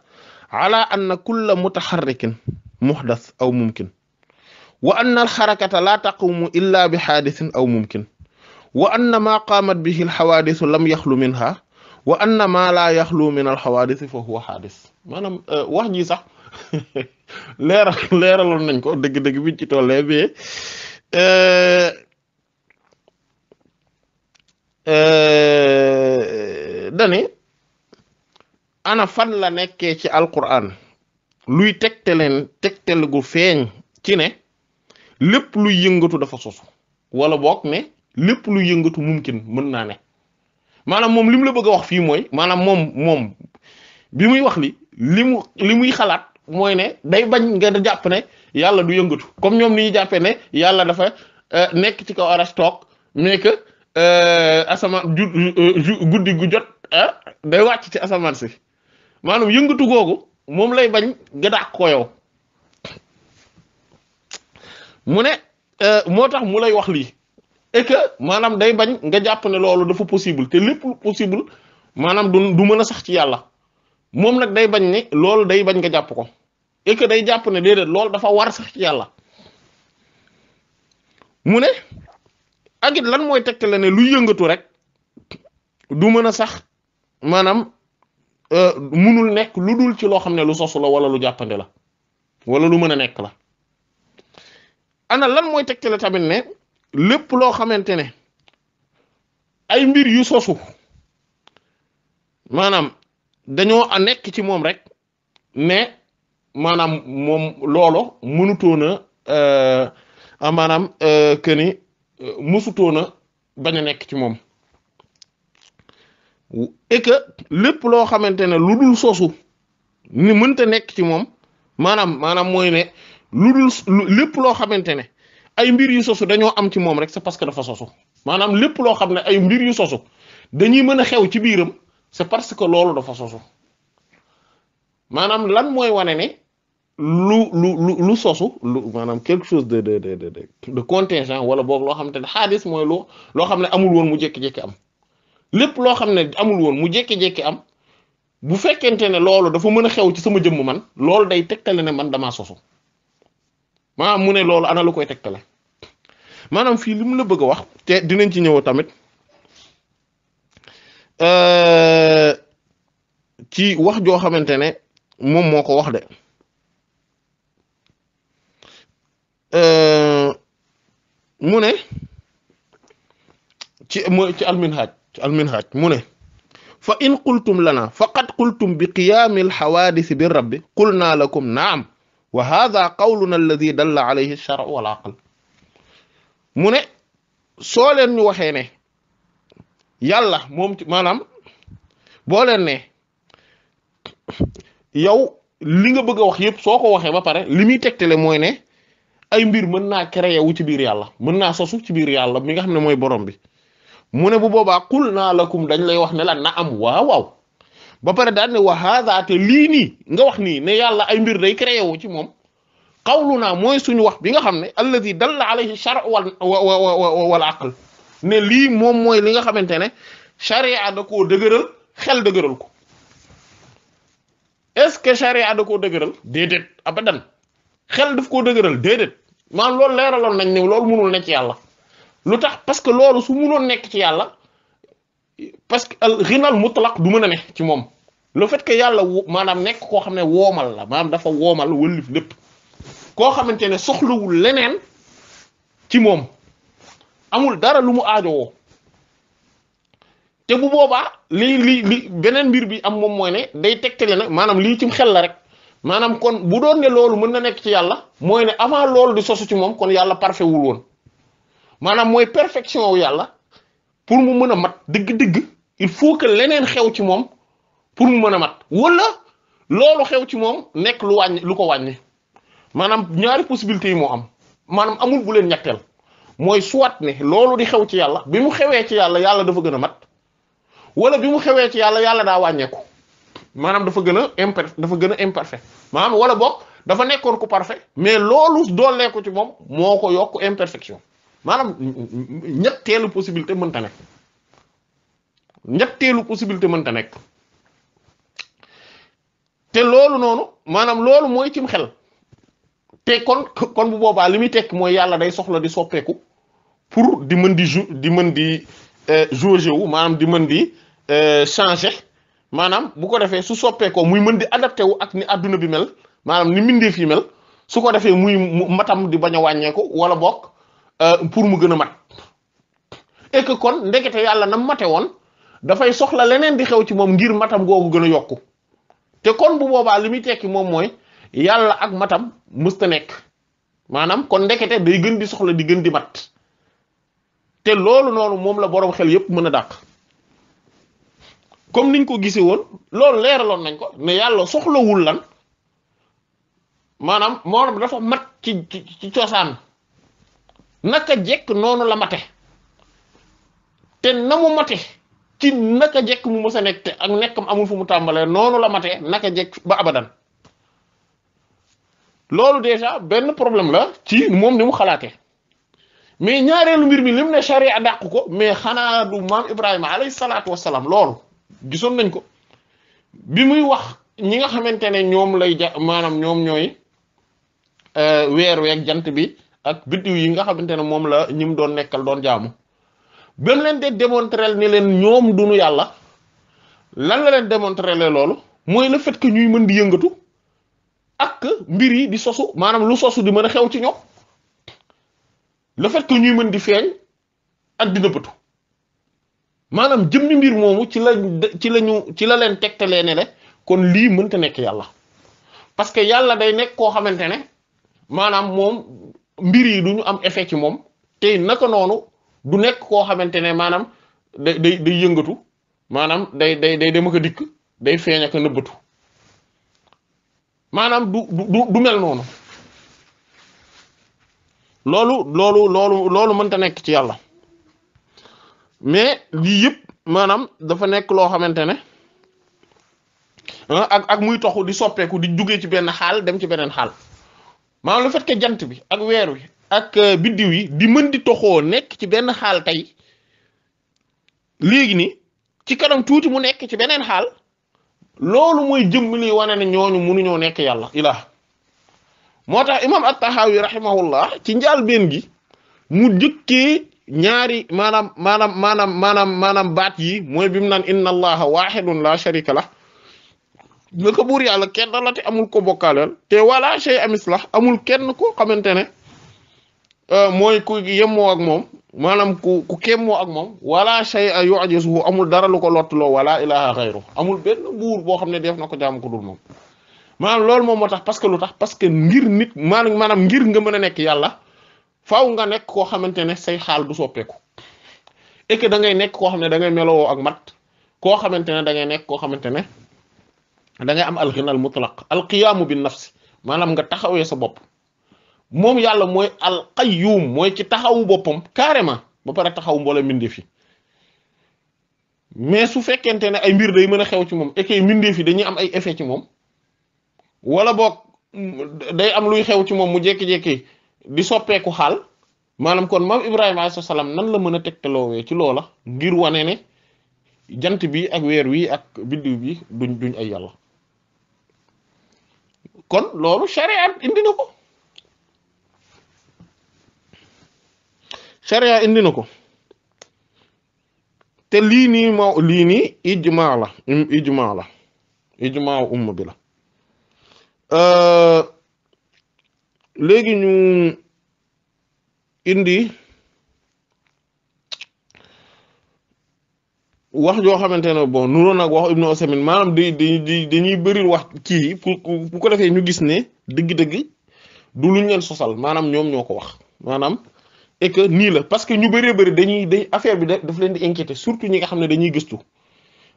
ala anna kulla mutaharrikin muhdath aw mumkin wa anna al xarakata laa taqumu illa bi xaadisin aw mumkin wa anna maa qaamat bihi al xawaadisu lam yaxlu minha wa anna maa laa yaxlu min al xawaadisi fa huwa xaadis maanaam wax ji sax leeral leeraloon nañ ko dëgg-dëgg biñ ci bi mais eh, eh, dani ana fan la nekkee ci alquran luy tegtaleen tegtal gu feeñ ci ne lépp luy yëngatu dafa sosu wala boog ne lépp luy yëngatu mumkin mën naa ne maanaam moom li la bëgg a wax fii mooy maanaam moom moom bi muy wax li li li muy xalaat mooy ne day bañ nga jàpp ne yàlla du yëngatu comme ñoom ni ñu jàppee yàlla dafa euh, nekk ci kaw aras toog mais que euh, asamaan ju guddi gu jot ah day wàcc ci asamaan si maanaam yëngatu googu moom lay bañ nga dàq ko yow mu ne euh, moo tax mu lay wax lii et que maanaam day bañ nga jàpp ne loolu dafa possible te lépp possible maanaam du du mën a sax ci yàlla mom nak day bañ ni lol day bañ nga japp ko e que day japp ne déedéet loolu dafa war sax ci yalla mune ne ak it lan mooy ne lu yeungatu rek du meuna sax manam, euh munul nek ludul ci lo xamne lu sosu la wala lu jappande la wala lu meuna nek la ana lan tamit ne lepp lo xamantene ne ay mbir yu sosu manam. dañoo a nekk ci moom rek mais maanaam moom loolo mënutoona euh, maanaam euh, que ni euh, mësutoona bañ a nekk ci moom et que lépp loo xamante ne lu dul sosu ni mënta nekk ci moom maanaam maanaam mooy ne lu dul lépp loo xamante ne ay mbir yu sosu dañoo am ci moom rek c'est parce que dafa sosu maanaam lépp loo xam ne ay mbir yu sosu dañuy mën a xew ci biiram c'est parce que lolu dafa soso manam lan moy wane ne lu lu lu soso manam quelque chose de de de de de contingent wala bok lo xam hadith moy xaadis mooy lu loo xam amul won mu jékki-jékki am lepp lo xam amul won mu jékki-jékki am bu fekkente ne loolu dafa mën xew ci sama jëm man lolu day tektale ne man dama soso manam mu ne loolu ana lu koy tektale manam fi li la bëgg wax te dinañ ci ñëw tamit. ci wax jo xamantene mom moko wax de euh mune ci ci alminhaj ci alminhaj mu ne fa in qultum lana faqad qultum bi qiyaami alxawaadisi bi rabb qulna lakum naam wa hadha qawluna alladhi dalla alayhi ash-shar' wal aql mune so len ñu waxé ne euh yàlla mom manam bo len ne yow li nga bëgg wax yëpp soko waxé ba pare limi muy tegtale mooy ne ay mbir mën na créer wu ci bir yàlla mën na sosu ci bir yàlla mi nga xamné moy borom bi mu ne bu boba qulna lakum dañ lay wax ne la na am wa waaw ba pare daal ne wa hadha te li ni nga wax ni ne yàlla ay mbir day créer wu ci mom qawluna moy suñu wax bi nga xamné alladhi dalla alayhi shar'u wal wal aql ne lii moom mooy li nga xamante ne charia da koo dëgëral xel dëgëral ko est-ce que charia da koo dëgëral déedéet abadan xel daf koo dëgëral déedéet maanaam loolu leeraloon nañ ne loolu mënul nekk ci yàlla lu tax parce que loolu su mënoon nekk ci yàlla parce que al ghinal du mën a ne ci moom le fait que yàlla maanaam nekk koo xam ne woomal la maam dafa woomal wëllif lépp koo xamante ne soxlawul leneen ci moom amul dara lu mu aajowoo te bu boobaa lii lii li beneen mbir bi am moom mooy ne day tegtale na maanaam lii cim xel la rek maanaam kon bu doon ne loolu mën na nekk ci yàlla mooy ne avant loolu di sosu ci moom kon yàlla parfait wul woon maanaam mooy perfection wu yàlla pour mu mën a mat dëgg-dëgg il faut que leneen xew ci moom pour mu mën a mat wala loolu xew ci moom nekk lu wàññi lu ko wàññi maanaam ñaari possibilités yi moo am maanaam amul bu leen ñetteel mooy soit ne loolu di xew ci yàlla bi mu xewee ci yàlla yàlla dafa gën a mat wala bi mu xewee ci yàlla yàlla daa wàññeeku maanaam dafa gën a imper dafa gën a imparfait maanaam wala boog dafa nekkoon ku parfait mais loolu doolee ci moom moo ko yokk imperfection maanaam ñetteelu possibilité mënta nekk ñetteelu possibilité mënta nekk te loolu noonu maanaam loolu mooy cim xel te kon kon bu boobaa li muy tekk mooy yàlla day soxla di soppeeku pour di mën di jou di mën di euh, jauger wu maanaam di mën di euh, changer maanaam bu ko defee su soppeekoo muy mën di adapté wu ak ni àdduna bi mel maanaam ni mbindeef yi mel su ko defee muy matam di bañ a wàññeeku wala bokk euh, pour mu gën a mat et kon ndekete yàlla na mate woon dafay soxla leneen di xew ci moom ngir matam googu gën a yokku te kon bu boobaa li muy tekki moom mooy yàlla ak matam mësta nekk maanaam kon ndekete day gën di soxla di gën di mat te loolu noonu moom la boroom xel yépp mën a dàq comme niñ ko gisee woon loolu leeraloon nañ ko ne yàlla soxlawul lan maanaam moom dafa mat ci ci cosaan naka jekk noonu la mate te na mu mate ci naka jekk mu mës a nekk ak nekkam amul fu mu tàmbalee noonu la mate naka jekk ba abadan loolu déjà ben problème la ci mom ni mu xalaté mais ñaareelu mbir mi lim ne sharia dàq ko mais xana du mam ibrahim alayhi salatu wassalam salaam loolu gisoon nañ ko bi muy wax ñi nga xamantene ñom lay ja maanaam ñoom ñooy euh, weer weeg jant bi ak biddiw yi nga xamantene mom la ñim doon nekkal doon jaamu bëm leen dé démontrer ne leen ñom duñu yalla lan la leen démontrer loolu moy le fait que ñuy mënd di yëngatu. ak mbir yi di sosu maanaam lu sosu di mën a xew ci ñoom le fait que ñuy mën di feeñ ak di nëbbatu maanaam jëmmi mbir moomu ci la ci lañu ci la leen tegtalee ne le kon lii mënta nekk yàlla parce que yàlla day nekk koo xamante ne maanaam moom mbir yi du ñu am effet ci moom tey naka noonu du nekk koo xamante ne maanaam day day day yëngatu maanaam day day day dem ak a dikk day feeñ a nëbbatu maanaam du du du mel noonu loolu loolu loolu loolu mënta nekk ci yàlla mais lii yëpp maanaam dafa nekk loo xamante ne ah, ak ak muy toxu di soppeeku di jugee ci benn xaal dem ci beneen xaal maanaam le fait jant bi ak weer wi ak euh, biddiw yi di mën di toxoo nekk ci benn xaal tey léegi ni ci kanam tuuti mu nekk ci beneen xaal loolu mooy jëmm li wane ne ñooñu mënuñoo nekk yàlla ilah moo tax imam at-Tahawi rahimahullah ci njàlbéen gi mu jëkkee ñaari maanaam maanaam maanaam maanaam maanaam baat yi mooy bi mu naan inna allaha wahidun la sharika lah nga ko buur yàlla kenn la amul ko bokkaaleel te wala shay amis la amul kenn koo xamante ne Euh, mooy ku yemmoo ak moom maanaam ku ku kemmoo ak moom wala shay'a yu'jizuhu amul dara lu ko lottuloo wala ilaha ghayru amul benn buur boo xam ne def na ko jaamu ko dul moom maanaam loolu moom moo tax parce que lu tax parce que ngir nit maanaam maanaam ngir nga mën a nekk yàlla faw nga nekk koo xamante ne say xaal du soppeeku et que da ngay nekk koo xam ne da ngay melowoo ak mat koo xamante ne da ngay nekk koo xamante ne da ngay am alxinal mutlaq alqiyaamu bi nafsi maanaam nga taxawee sa bopp moom yàlla mooy alqayyum mooy ci taxawu boppam carrément ba pare taxaw mboole mbindeef yi mais su fekkente ne ay mbir day mën a xew ci moom et que mbindeef dañuy am ay effet ci moom wala boog day am luy xew ci moom mu jékki-jékki di soppeeku xaal maanaam kon moom Ibrahima alayhi salaam nan la mën a tegtaloowee ci loola ngir wane ne jant bi ak weer wi ak biddiw bi duñ duñ ay yàlla kon loolu shariat indi na ko. sharia indina ko te li ni ma li ni ijma la ijma la ijma umma bi la euh legi ñu indi wax jo xamantene bon nu ron ak wax ibnu usaymin manam di dañuy beuri wax ki ku ko defé ñu gis ne deug deug du luñu len sosal manam ñom ñoko wax manam et nii la parce que ñu bëree bëri dañuy dañ affaire bi daf di inquiéter surtout ñi nga xam ne dañuy gëstu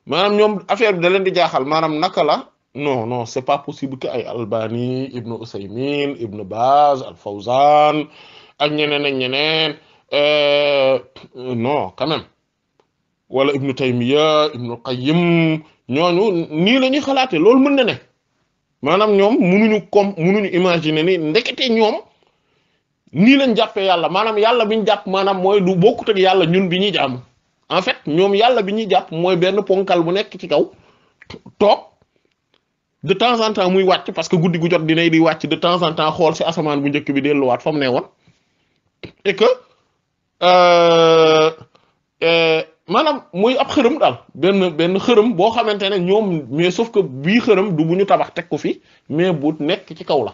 maanaam ñoom affaire da leen di jaaxal maanaam naka la non non c'est pas possible que ay Albani Ibn Usaymin Ibn Baz Al Fawzan ak ak ñeneen euh, non quand même wala Ibn Taymiya Ibn Qayyim ñooñu xalaatee loolu mën na ne maanaam ñoom munuñu comme munuñu imaginer ni ndekete ñoom. nii lañ jàppee yàlla maanaam yàlla bi ñu jàpp maanaam mooy du bokkut ak yàlla ñun bi ñuy jàmm en fait ñoom yàlla bi ñuy jàpp mooy benn ponkal bu nekk ci kaw toog de temps en temps muy wàcc parce que guddi gu jot dinay di wàcc de temps en temps xool si asamaan bu njëkk bi delluwaat fa mu ne woon et que euh, euh, maanaam mooy ab xërëm daal benn benn xërëm boo xamante ne ñoom mais sauf que bii xërëm du bu ñu tabax teg ko fi mais bu nekk ci kaw la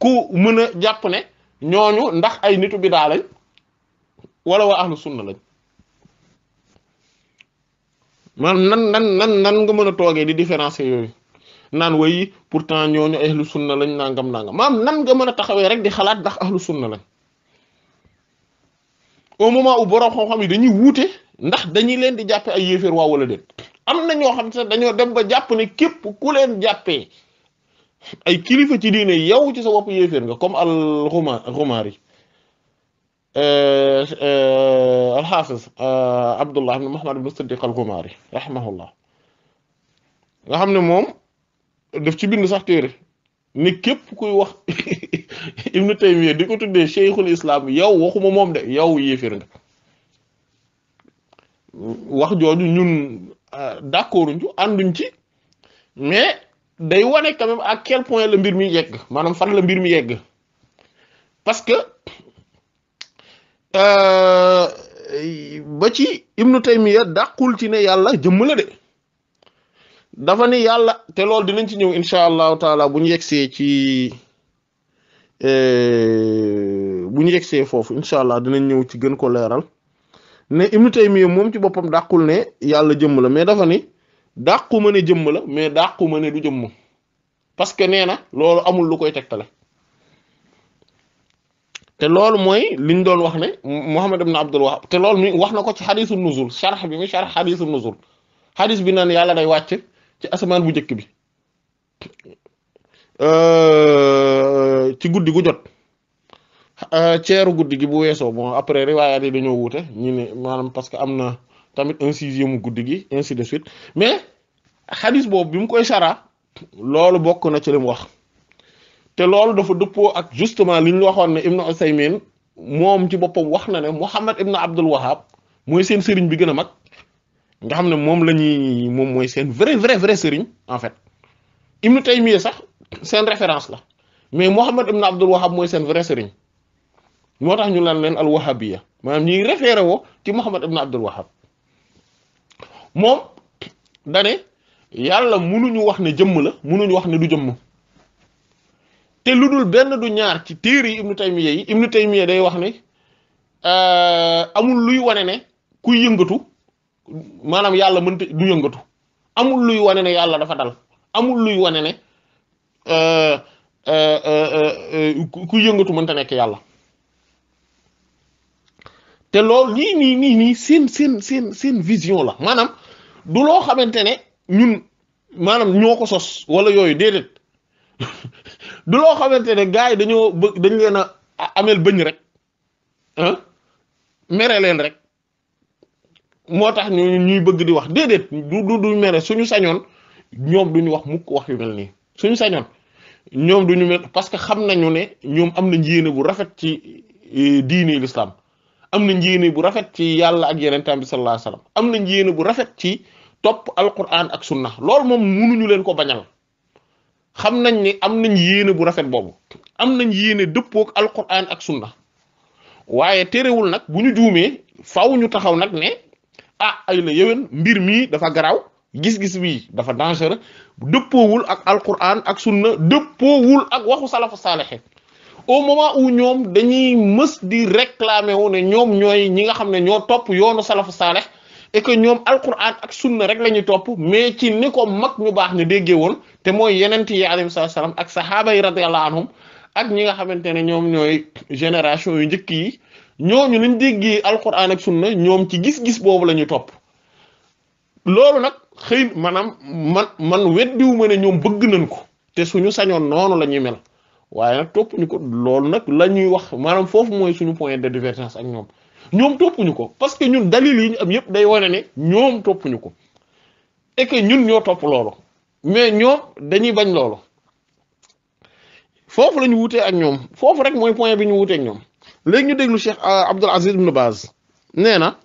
ku mën a jàpp ne ñooñu ndax ay nitu bidaa lañ wala waa ahlu sunna lañ maanaam nan nan nan nan nga mën a toogee di différencier yooyu naan way pourtant ñooñu ahlu sunna lañ nangam nangam maanaam nan nga mën a taxawee rek di xalaat ndax ahlu sunna lañ au moment où borom xam-xam yi dañuy wuute ndax dañuy leen di jàppe ay yéeféer waa wala déet am na ñoo xam te dañoo dem ba jàpp ne képp ku leen jàppee ay kilifa ci diine yow ci sa bopp yéeféer nga comme al euh al hafiz abdullah ibn muhammad ibn siddiq al xumaari rahimahullah nga xamne mom def ci bind sax téere ni kep kuy wax ibn taymiyyah diko tuddé tuddee cheikhul islam yow waxuma mom de yow yéeféer nga wax joju ñun d'accordu ci ànduñ ci mais day wane quand même à quel point la mbir mi yegg maanaam fan la mbir mi yegg parce que euh, ba ci Ibnu Taymiya dàqul ci ne yàlla jëmm la de dafa ni yàlla te loolu dinañ ci ñëw incha allahu taala bu ñu yegsee ci euh, bu ñu yegsee foofu incha allah dinañ ñëw ci gën ko leeral ne Ibnu Taymiya moom ci boppam dàqul ne yàlla jëmm la mais dafa ni. dàqu ma ne jëmm la mais dàqu ma ne du jëmm parce que nee na loolu amul lu koy tegtale te loolu mooy liñ doon wax ne Muhammad ibn Abdul Wahhab te loolu mi wax na ko ci xadisu nuzul sharx bi mi sharx xadisu nuzul xadis bi naan yàlla day wàcc ci asamaan bu njëkk bi euh, ci guddi gu jot euh, ceeru guddi gi bu weesoo bo après riwaayaat yi dañoo wuute ñi ne maanaam parce que am na tamit un sixième goudi gi ainsi de suite mais hadith boobu bi koy sara loolu bokk na ci li wax te loolu dafa duppo ak justement li ñu ne Ibn Usaymin mom ci bopam wax na ne Muhammad Ibn Abdul Wahhab moy sen serigne bi gëna a mag nga xam mom lañuy mom moy sen vrai vrai vrai serigne en fait Ibn Taymiyya sax sen référence la mais Muhammad Ibn Abdul Wahhab moy sen vrai serigne motax ñu lan len al-Wahhabiyya manam ñi référé wo ci Muhammad Ibn Abdul Wahhab moom dane yàlla munuñu wax ne jëmm la munuñu wax ne du jëmm te lu dul benn du ñaar ci téere yi ibnu taymiya yi ibnu taymiya day wax ne euh, amul luy wane ne kuy yëngatu maanaam yàlla mënta du yëngatu amul luy wane ne yàlla dafa dal amul luy wane ne euh, euh, kuy yëngatu mënta nekk yàlla te lool nii nii nii nii seen seen seen seen vision la maanaam du loo xamante ne ñun maanaam ñoo ko sos wala yooyu déedéet du loo xamante ne gars yi dañoo bëgg dañ leen a ameel bëñ rek mere leen rek moo tax ñu ñuy bëgg di wax déedéet du du du mere suñu sañoon ñoom duñu wax mukk wax yu mel nii suñu sañoon ñoom duñu mel parce que xam nañu ne ñoom am nañ yéene bu rafet ci eh, diini l'islam am na njéene bu rafet ci yàlla ak yenentaan bi sallallahu alayhi wasallam am na njéene bu rafet ci topp alquran ak sunna loolu moom munuñu leen ko bañal xam nañ ni am nañ yéene bu rafet boobu am nañ yéene dëppook alquran ak sunna waaye terewul nag bu ñu juumee faw ñu taxaw nag ne ah ay la yéwén mbir mii dafa garaaw gis-gis bii dafa dangereux dëppoowul ak alquran ak sunna dëppoowul ak waxu salafu saalexe au moment où ñoom dañuy mës di réclamer wu ne ñoom ñooy ñi nga xam ne ñoo topp yoonu salafu saaleh et que ñoom alquran ak sunna rek la ñuy topp mais ci ni ko mag ñu baax ñu déggee te mooy yenent yi alayhi salaam ak sahaaba yi radiyallahu ak ñi nga xamante ne ñoom ñooy génération yu njëkk yi ñooñu liñ déggee alquran ak sunna ñoom ci gis-gis boobu la ñuy topp loolu nag xëy maanaam man man weddiwu ma ne ñoom bëgg nañ ko te suñu sañoon noonu la ñuy mel waaye nag toppuñu ko loolu nag la ñuy wax maanaam foofu mooy suñu point de divergence ak ñoom ñoom toppuñu ko parce que ñun dalil yi ñu am yépp day wane ne ñoom toppuñu ko et ñun ñoo topp loolu mais ñoom dañuy bañ loolu foofu la ñu wutee ak ñoom foofu rek mooy point bi ñu wutee ñoom léegi ñu déglu Cheikh euh, Abdul Aziz Ibn Baz nee na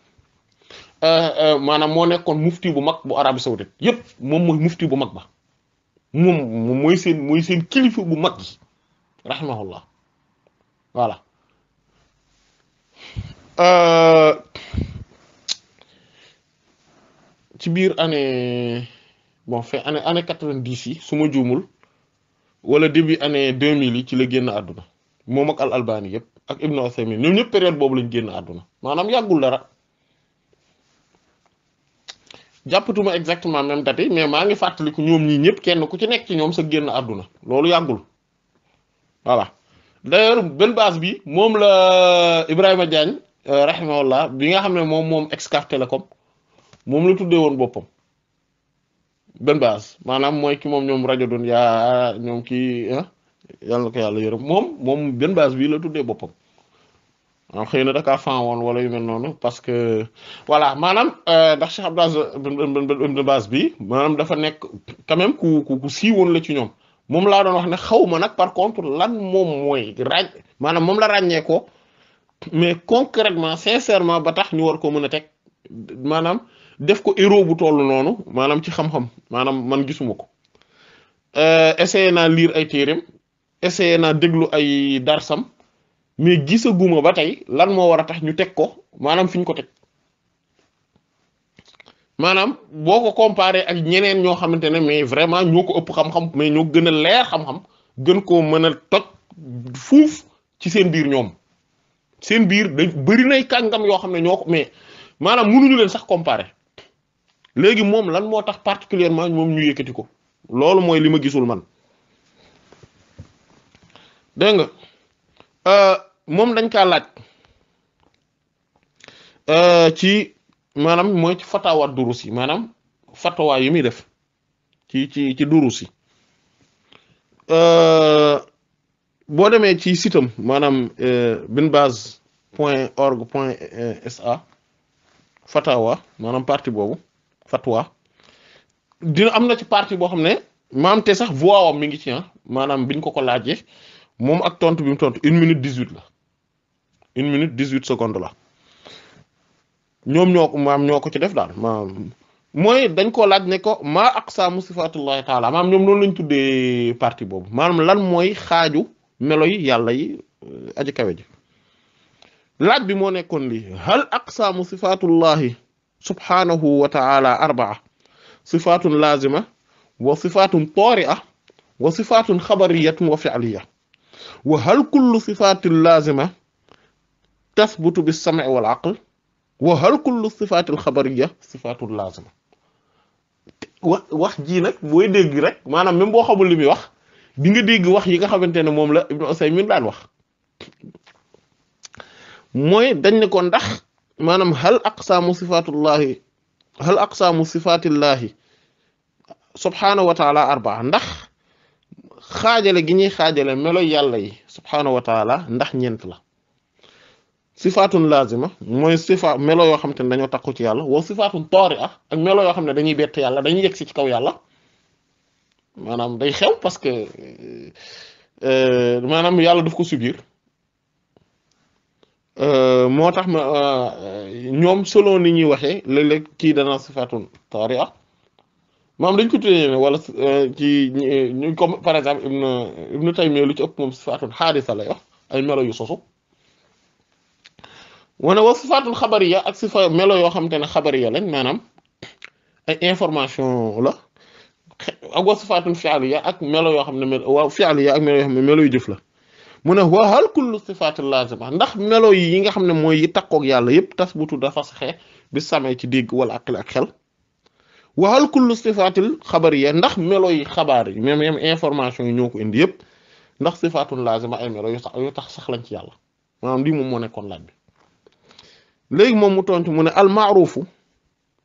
euh, euh, maanaam moo nekkoon mufti bu mag bu Arabie Saoudite yépp moom mooy mufti bu mag ba moom mooy seen mooy seen kilifa bu mag rahimahullah voilà euh, ci biir année bon fait année année quatre-vingt-dix yi su ma juumul wala début année deux mille yi ci la génn àdduna moom ak al albani yëpp ak Ibn Usaymin ñoom ñëpp période boobu lañ génn àdduna maanaam yàggul dara jàppatuma exactement même date mais maa ngi fàttaliku ñoom ñii ñëpp kenn ku ci nekk ci ñoom sa génn àdduna loolu yàggul. voilà d'ailleurs benn base bi moom la Ibrahima Diagne euh, rahimahullah bi nga xam ne moom moom Excaf Télécom moom la tuddee woon boppam benn base maanaam mooy ki moom ñoom rajo doon yaa ñoom kii yàlla na ko yàlla yërëm moom moom benn base bii la tuddee boppam waaw xëy na dakaa fan woon wala yu noonu parce que voilà maanaam euh, ndax Cheikh Abdou Aziz bi maanaam dafa nekk quand ku ku siiwoon la ci ñoom. moom laa doon wax ne xaw nag par contre lan moom mooy ràñ maanaam moom la ràññee ko mais concrètement sincèrement ba tax ñu war ko mën a teg maanaam def ko héros bu toll noonu maanaam ci xam-xam maanaam man gisuma ko euh, essayé naa liir ay téereem essayé naa déglu ay darsam mais gisaguma ba tey lan moo war a tax ñu teg ko maanaam fi ko teg maanaam boo ko comparé ak ñeneen ñoo xamante ne mais vraiment ñoo ko ëpp xam-xam mais ñoo gën a leer xam-xam gën koo mën a toj fuuf ci seen biir ñoom seen biir dañ bëri nay kàngam yoo xam ne ñoo ko mais maanaam mënuñu leen sax comparé léegi moom lan moo tax particulièrement moom ñu yëkkati ko loolu mooy li ma gisul man dégg nga euh, moom dañ kaa laaj euh, ci. Madame, moy ci fatawa durusi manam fatawa yu mi def ci ci ci euh, ci sitam manam euh, fatawa manam parti bobu fatwa dina am voix mi ngi ci ah, une minute 18 huit la une minute dix secondes la. ñom ñoko maam ñoko ci def daal maam mooy dañ ko laaj ne ko maa aqsaamu sifaatullahi taala maam ñom non lañ tuddé parti bobu maanaam lan moy xaju melo yi yàlla yi aji kawe ji laaj bi mo nekkon li hal aqsaamu sifaatullahi subhanahu wa taala arbaa sifaatun lazima wa sifaatun tari'a wa sifaatun xabariyatun wa fi'liya wa hal kullu sifaatin lazima tasbutu bis sam'i wal aql وهل كل الصفات الخبرية صفات لازمة واخ جي نك موي دغ رك مانام ميم بو خامل لي مي واخ ديغا دغ واخ ييغا خامتاني موم لا ابن عثيمين دان واخ موي دنج نكو نдах مانام هل اقسام صفات الله هل اقسام صفات الله سبحانه وتعالى اربعه نдах خاجله غيني خاجله ملو يالله سبحانه وتعالى نдах نينت لا sifaatun lazima moy sifa melo yo xam dañu takku ci yàlla wo sifaatun taari ah ak melo yo xam dañuy bet yàlla dañuy yegg ci kaw yàlla manam day xew parce que euh manam yàlla daf ko subir euh motax ma ñom solo ni ñi waxe le le ki dana sifaatun taari ah maanaam dañ ko tuddee ne wala ci ñu comme par exemple Ibn Ibn Taymiyya lu ci ëpp mom sifaatun hadith la yo ay melo yu soso wane wa sifatu khabariya ak sifa melo yo xamantene khabariya lañ manam ay information la ak wa sifatu fi'liya ak melo yo xamne ne mel fi'liya ak melo yo xamne melo yu jëf la mu wa hal kullu sifatu lazima ndax melo yi nga xamne moy yi takko ak yàlla yep tasbutu dafa saxé bi samé ci dig wala aqli ak xel wa hal kullu sifatu khabariya ndax melo yi khabar yi même même information yi ñoo indi yep ndax sifatu lazima ay melo yu tax sax lañ ci yàlla manam li moom mo nekkon laaj bi léegi moom mu tontu mu ne al maaruufu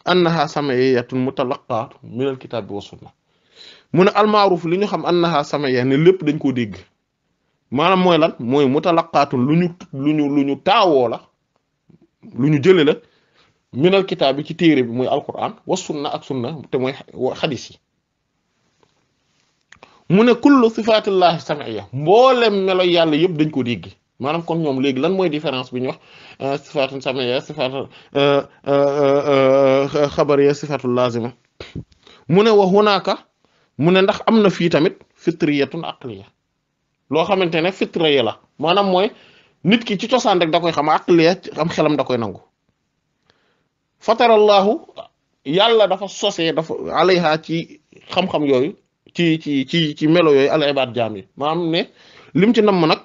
annaha samayiyatun mutalaqaatu min al kitaab bi wa sunna mu ne al maaruuf li ñu xam annaha samayiya ne lépp dañ koo dégg maanaam mooy lan mooy mutalaqaatun lu ñu lu ñu lu ñu taawoo la lu ñu jële la min al kitaab bi ci téere bi muy alquran wa sunna ak sunna te mooy xadis yi mu ne kullu sifaatillahi samayiya mboolem melo yàlla yëpp dañ koo dégg maanaam kon ñoom léegi lan mooy différence bi ñu wax euh, sifaatu samiya sifaatu euh, euh, xabariya sifaatu lazima mu ne wa hunaaka mu ne ndax am na fii tamit fitriyatun aqliya loo xamante ne fitriya la maanaam mooy nit ki ci cosaan rek da koy xam aqliya am xelam da koy nangu fatarallahu yàlla dafa sosee dafa alayha ci xam-xam yooyu ci ci ci ci melo yooyu al ibaad jaam yi maanaam ne lim ci namm nag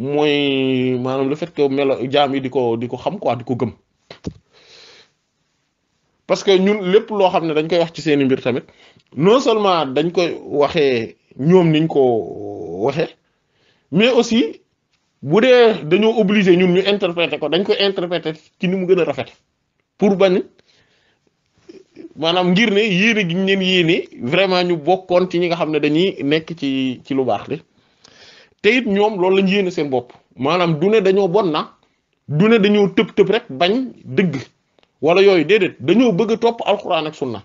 moy manam le fait que melo jaam yi diko ko xam quoi diko ko gëm parce que ñun lepp lo xamne dañ koy wax ci seen mbir tamit non seulement dañ koy waxé ñom niñ ko waxé mais aussi boudé dañu obligé ñun ñu interpréter ko dañ koy interpréter ci ni mu gën rafet pour bañ manam ngir ne yéene gi ñu leen yéene vraiment ñu bokkon ci ñi nga xamne dañuy nekk ci ci lu baax li te it ñoom loolu lañ yéene seen bopp maanaam dune dañoo bon na dune ne dañoo tëb tëb rek bañ dëgg wala yooyu déedéet dañoo bëgg a topp alxuraan ak sunna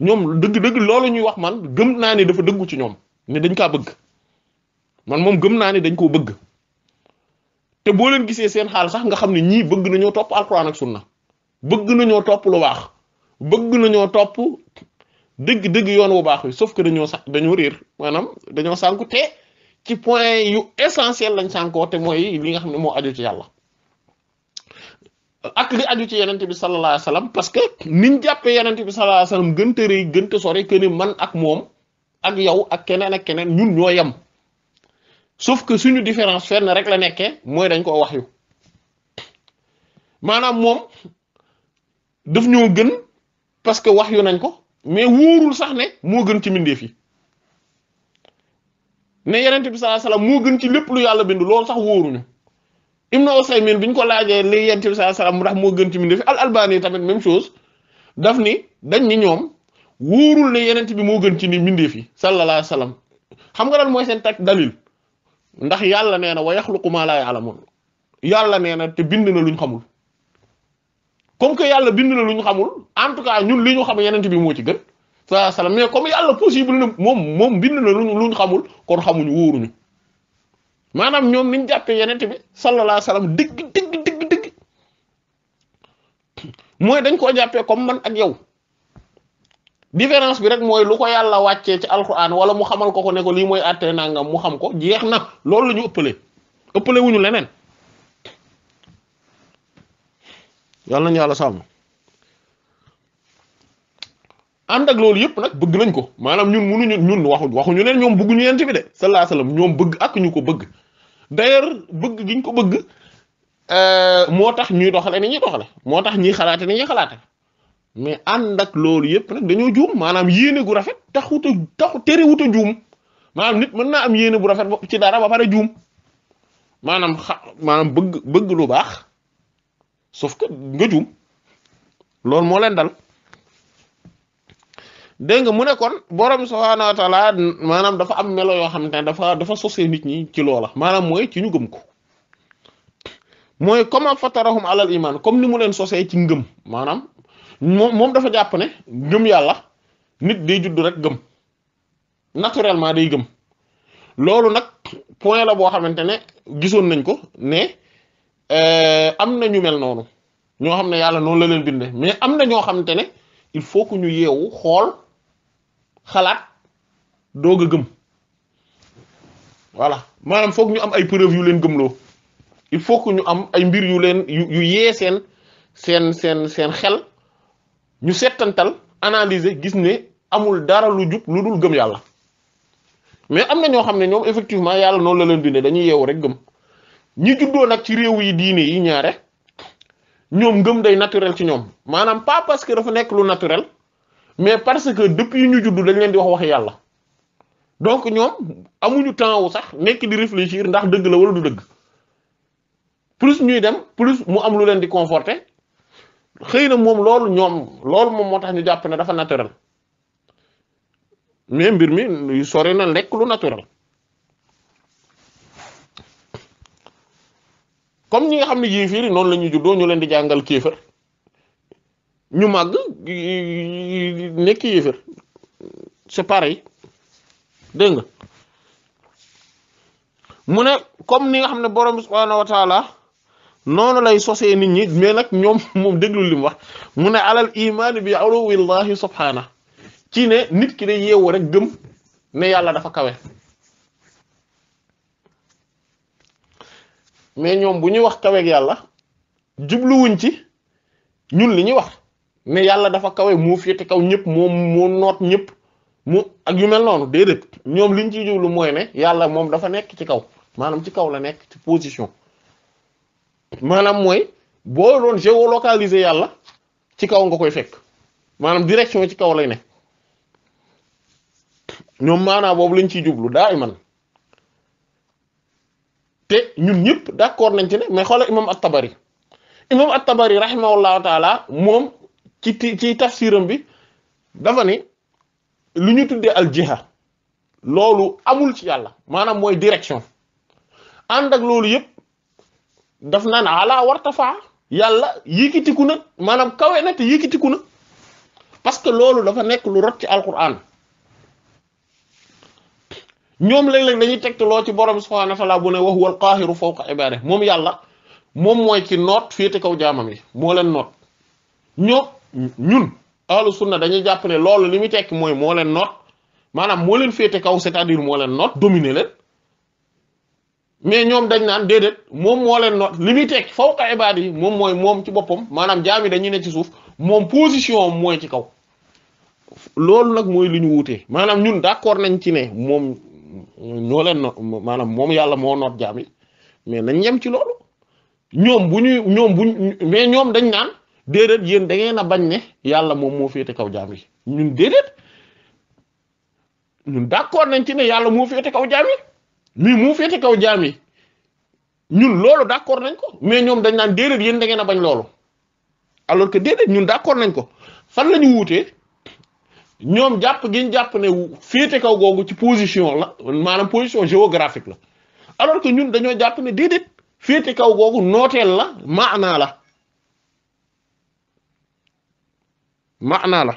ñoom dëgg dëgg loolu ñuy wax man gëm naa ne dafa dëggu ci ñoom ne dañ kaa bëgg man moom gëm naa ne dañ koo bëgg te boo leen gisee seen xaal sax nga xam ne ñii bëgg nañoo topp alxuraan ak sunna bëgg nañoo topp lu baax bëgg nañoo topp dëgg dëgg yoon wu baax yi sauf que dañoo sax dañoo réer maanaam dañoo sànku te ci point yu essentiel lañ sanko te moy li nga xamni mo moo aju ci yalla ak li aju ci yenenbi sallalahu alayhi wasallam parce que niñ jappé yenenbi sallalahu alayhi wasallam gënte rëy gënte sori que ni man ak mom ak yow ak keneen ak keneen ñun ñoo yem sauf que suñu différence fenn rek la nekkee moy dañ ko wax yu manam mom daf ñoo gën parce que wax yu nañ ko mais wourul sax ne mo gën ci minde fi ne yenente bi sallallahu alayhi moo gën ci lépp lu yàlla bind loolu sax wóoruñu Ibn Usaymin bi ñu ko laajee li yenente bi sallallahu alayhi wasallam ndax moo gën ci mbindeef al Albani tamit même chose daf ni dañ ni ñoom wóorul ne yenente bi moo gën ci ni mbindeef yi sallallahu alayhi xam nga lan mooy seen tak dalil ndax yàlla nee na wa yaxluqu ma laa ya'lamun yàlla nee na te bind na luñ xamul comme que yàlla bind na luñ xamul en tout cas ñun li ñu xam yenente bi moo ci gën saa salaam mais comme yàlla possible na moom moom bind na luñ luñ xamul kon xamuñu wóoruñu maanaam ñoom niñ jàppee yenente bi sallallahu alayhi wasallam dëgg dëgg dëgg dëgg mooy dañ koo jàppee comme man ak yow différence bi rek mooy lu ko yàlla wàccee ci alquran wala mu xamal ko ko nekko lii mooy àttee nangam mu xam ko jeex na loolu la ñu ëppale ëppale wuñu leneen yàlla nañu yàlla sàmm ànd ak loolu yëpp nag bëgg nañ ko maanaam ñun munuñu ñun waxu waxuñu ne ñoom bëgguñu yent bi de sallallahu alayhi ñoom bëgg ak ñu ko bëgg d'ailleurs bëgg giñ ko bëgg euh, moo tax ñuy doxale ni ñuy doxale moo tax ñuy xalaate ni ñuy xalaate mais ànd ak loolu yëpp nag dañoo juum maanaam yéene gu rafet taxut a taxu terewut a juum maanaam nit mën na am yéene bu rafet ci dara ba pare juum maanaam xa bëgg bëgg lu baax sauf que nga juum loolu moo leen dal dégg nga mu ne kon borom subhaanahu wa maanaam dafa am melo yoo xam ne dafa dafa sosee nit ñi ci loola maanaam mooy ci ñu gëm ko mooy comme fatarahum alal iman comme ni mu leen sosee ci ngëm maanaam moom moom dafa jàpp ne yàlla nit day judd rek gëm naturellement day gëm loolu nag point la boo xamante ne gisoon nañ ko ne euh, am na ñu mel noonu ñoo xam ne yàlla noonu la leen bindee mais am na ñoo xamante ne il faut que ñu yeewu xool xalaat doga a gëm voilà manam foog ñu am ay preuve yu leen gëmloo il faut que ñu am ay mbir yu leen yu yu sen sen sen seen xel ñu settantal analyser gis ne amul dara lu jub lu dul gëm yàlla mais am na ñoo xam ne effectivement yalla non la leen dundee dañuy yew rek gëm ñi juddoo nak ci réew yi diiné yi ñaare ñom gëm day naturel ci ñom manam pas parce que dafa nek lu naturel mais parce que depuis ñu judd dañ leen di wax wax yalla donc ñom amuñu temps wu sax nek di réfléchir ndax deug la wala du deug plus ñuy dem plus mu am lu leen di conforter xeyna mom lool ñom lool mom motax ñu japp ne dafa naturel même bir mi sore na nek lu naturel comme ñi nga xamni yi fi non lañu juddo ñu leen di jangal kéefër ñu màgg nekk yéefér c'est pareil dégg nga mu ne comme ni nga xam ne borom bi subhaanahu noonu lay sosee nit ñi mais nag ñoom moom déglu li wax mu ne alal imaani bi uluwillahi subhaana ci ne nit ki day yeewu rek gëm ne yàlla dafa kawe mais ñoom bu ñuy wax kaweeg yàlla jubluwuñ ci ñun li ñuy wax mais yàlla dafa kawe moo féete kaw ñëpp moom moo noot ñëpp mu ak yu mel noonu déedéet ñoom liñ ciy jublu mooy ne yàlla moom dafa nekk ci kaw maanaam ci kaw la nekk ci position maanaam mooy boo doon géolocaliser yàlla ci kaw nga koy fekk maanaam direction ci kaw lay ne ñoom maanaam boobu lañ ciy jublu daa iman te ñun ñëpp d'accord nañ ci ne mais xoolal imam at-Tabari imam at-Tabari rahimahullahu taala moom ci ci tafsiram bi dafa ni lu ñu tuddee al jiha loolu amul ci yàlla maanaam mooy direction ànd ak loolu yëpp daf naan ala wartafa yàlla yëkkatiku na maanaam kawe na te yëkkatiku na parce que loolu dafa nekk lu rot ci alquran ñoom léeg-léeg dañuy tegtaloo ci borom subhanahu wa ta'ala bu ne wa huwa alqaahiru fawqa moom yàlla moom mooy ci noot te kaw jaamam yi moo leen noot ñoom ñun ahlu sunna dañuy jàpp ne loolu li muy tekki mooy moo leen noot maanaam moo leen féete kaw c'est-à-dire moo leen noot dominer leen mais ñoom dañ naan déedéet moom moo leen noot li muy tekki fawqa ibaad yi moom mooy moom ci boppam maanaam jaam yi dañuy ne ci suuf moom position mooy ci kaw loolu nag mooy li ñu wuutee maanaam ñun d'accord nañ ci ne moom ñoo leen noot maanaam moom yàlla moo noot jaam yi mais nañ yem ci loolu ñoom bu ñuy ñoom buñ mais ñoom dañ naan déedéet yéen da ngeen a bañ ne yàlla moom moo féete kaw jaam yi ñun déedéet ñun d'accord nañ ci ne yàlla moo féete kaw jaam yi mii moo féete kaw jaam yi ñun loolu d'accord nañ ko mais ñoom dañ naan déedéet yéen da ngeen a bañ loolu alors que déedéet ñun d'accord nañ ko fan la ñu wuutee ñoom jàpp gi jàpp ne féete kaw googu ci position la maanaam position géographique la alors que ñun dañoo jàpp ne déedéet féete kaw googu nooteel la maanaa la. maanaa la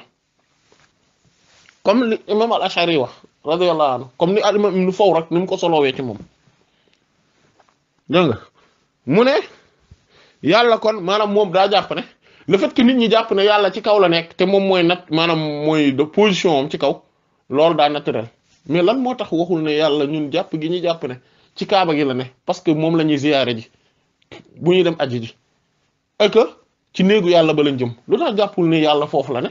comme li imam al ashari wax radiyallahu anhu comme ni al imam ibn Fawrak ni mu ko solowee ci moom dégg nga mu ne yàlla kon maanaam moom daa jàpp ne le fait nit ñi jàpp ne yàlla ci kaw la nekk te moom mooy nat maanaam mooy de position am ci kaw loolu daa naturel mais lan moo tax waxul ne yàlla ñun jàpp gi ñu jàpp ne ci kaaba gi la ne parce que moom la ñuy ziyaare ji bu ñuy dem aji ji ci néegu yàlla ba lañ jëm lu tax jàppul ne yàlla fofu la ne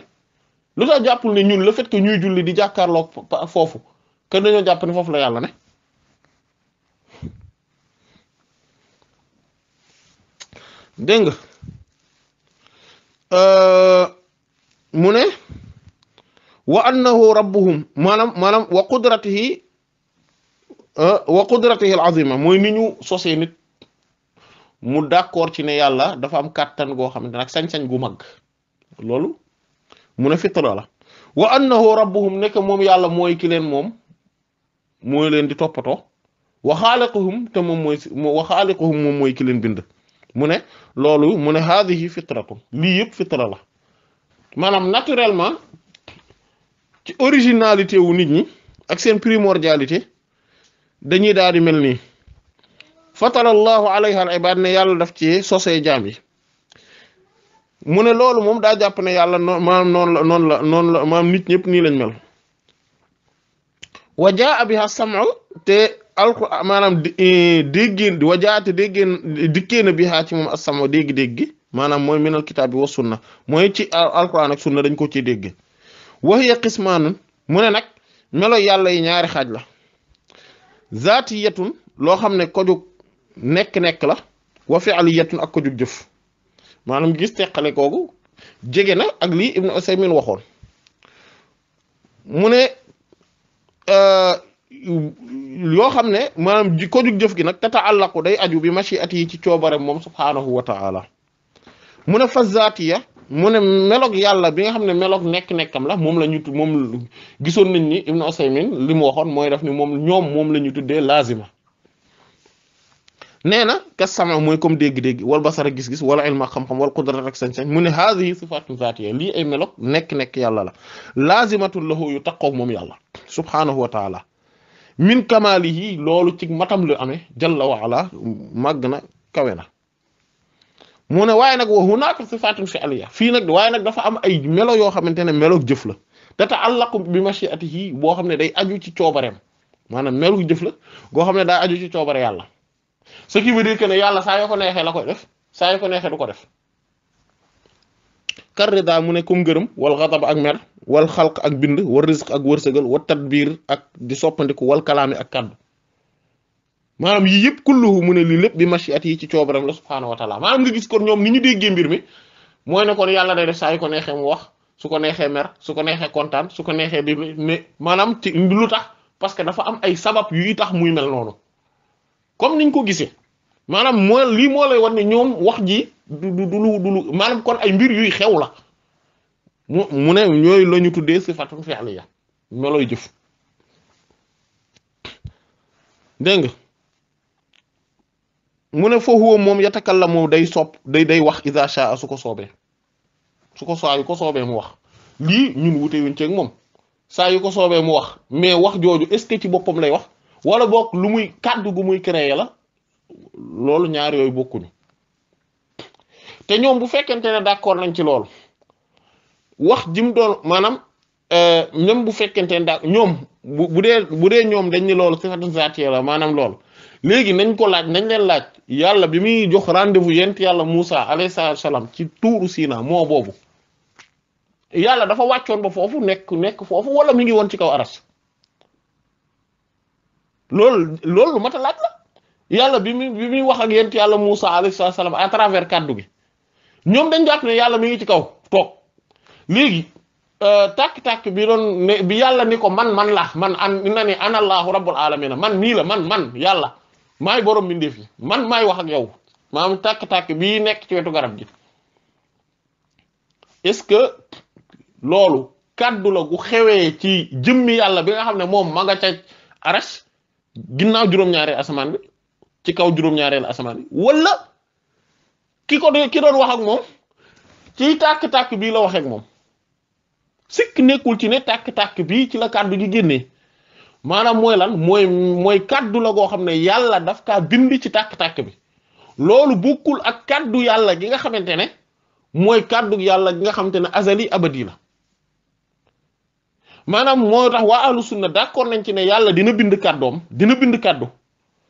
lu tax jàppul ne ñun le fait que ñuy julli di jakarlo fofu ke dañu jàpp ne fofu la yàlla ne deng euh mune wa annahu rabbuhum manam manam wa qudratihi wa qudratihi al azima mooy ni ñu nit mu d'accord ci ne yàlla dafa am kàttan goo xam ne nag sañ-sañ gu mag loolu mu ne fitra la wa annahu rabbuhum nekk moom yàlla mooy ki leen moom mooy leen di toppatoo wa xaaliquhum te moom mooy wa xaaliquhum moom mooy ki leen bind mu ne loolu mu ne haadihi fitratu lii yëpp fitra la maanaam naturellement ci originalité wu nit ñi ak seen primordialité dañuy daal di mel nii fatarallahu alayha al ibad ne yàlla def ci sosee jaam yi mu ne loolu moom daa jàpp ne yàlla noon maam noonu la noonu la noonu la maam nit ñëpp nii lañ mel wajaa biha sam'u te alqu maanaam eh, déggéen wajaa te déggéen dikkee na biha ci moom as-sam'u dégg-dégg gi maanaam mooy minal kitaab bi wa sunna mooy ci alquran ak sunna dañ ko ci dégg wa hiya qismaanun mu ne nag melo yàlla yi ñaari xaaj la zaatiyatun loo xam ne ko nekk-nekk la wa fi'liyatun ak ko jug jëf maanaam gis teqale googu jege na ak lii Ibn Usaymin waxoon mu ne euh, yoo xam ne maanaam ji ko jug jëf gi nag tata'allaqu day aju bi mashi'ati yi ci coobare moom subhaanahu wa ta'ala mu ne fas zaatiya mu ne meloog yàlla bi nga xam ne meloog nekk-nekkam la moom la ñu moom gisoon nañ ni Ibn Usaymin li mu waxoon mooy def ni moom ñoom moom la ñu tuddee lazima nee na kas sama mooy comme dégg-dégg wal basara gis-gis wala ilma xam-xam wal qudrat ak sañ-sañ mu ne haadihi sifaatun zaatiyya lii ay melok nekk-nekk yàlla la laazimatun lahu yu taqoog moom yàlla subhaanahu wa taala min kamaalihi loolu ci matam lu amee jalla wa ala màgg na kawe na mu ne waaye nag wa hunaaka sifaatun ya fii nag waaye nag dafa am ay melo yoo xamante ne meloog jëf la tata'allaqu bi mashi'atihi boo xam ne day aju ci coobareem maanaam melu jëf la goo xam ne daa aju ci coobare yàlla ce qui veut dire ne yàlla saa yoo ko neexee la koy def saa yoo ko neexee du ko def karrida mu ne kum ngërëm wal xadab ak mer wal xalq ak bind wal risq ak wërsëgal wal tadbir ak di soppandiku wal kalaami ak kàddu maanaam yii yëpp kulluhu mu ne lii lépp bi mashiat yi ci coobaram la subhaanahu wa taala maanaam nga gis kon ñoom ni ñu déggee mbir mi mooy ne kon yàlla day def saa yu ko neexee mu wax su ko neexee mer su ko neexee kontaan su ko neexee bi mais maanaam ci lu tax parce que dafa am ay sabab yuy tax muy mel noonu comme niñ ko gisee maanaam moo lii moo lay wan ne ñoom wax ji du du du lu maanaam kon ay mbir yuy xew la mu mu ne ñooy la ñu tuddee sifatun fi'liya melooy jëf dégg nga mu ne foo huwa moom la moom day sopp day day wax iza sha'a su ko soobee su ko saa yu ko soobee mu wax lii ñun wute yuñ ceeg moom saa yu ko soobee mu wax mais wax jooju est ci boppam lay wax wala boog lu muy kàddu gu muy créer la loolu ñaar yooyu bokkuñu te ñoom bu fekkente ne d'accord nañ ci loolu wax jim doon maanaam ñoom euh, bu fekkente ne da ñoom bu bu dee bu dee ñoom dañ ne loolu sifatun zaatiyya la maanaam loolu léegi nañ ko laaj nañ leen laaj yàlla bi muy jox rendez-vous yent yàlla Musa alayhi salaam ci tuuru siina moo boobu yàlla dafa wàccoon ba foofu nekk nekk foofu wala mu ngi woon ci kaw aras loolu loolu lu mat a laaj la yàlla bi muy bi muy wax ak yent yàlla Musa alayhi salaam à travers kaddu gi ñoom dañ jàpp ne yàlla mi ngi ci kaw toog léegi euh, tàkk-tàkk bi doon ne bi yàlla ni ko man man la man an na ne ana allahu rabbul alamina man mii la man man yàlla maay borom mbindeef yi man maay wax ak yow maam tàkk-tàkk bii nekk ci wetu garab gi est-ce que loolu kaddu la gu xewee ci jëmmi yàlla bi nga xam ne moom ma nga ca arash ginnaaw juróom-ñaareel asamaan bi ci kaw juróom-ñaareel asamaan bi wala ki ko ki doon wax ak moom ci tàkk-tàkk bii la waxee moom sikk nekkul ci ne tàkk-tàkk bi ci la kàddu gi génnee maanaam mooy lan mooy mooy kàddu la goo xam ne yàlla daf kaa bind ci tàkk-tàkk bi loolu bokkul ak kàddu yàlla gi nga xamante ne mooy kàddu yàlla gi nga xamante ne azali abadi la maanaam moo tax waa ahlu sunna d'accord nañ ci ne yàlla dina bind kàddoom dina bind kàddu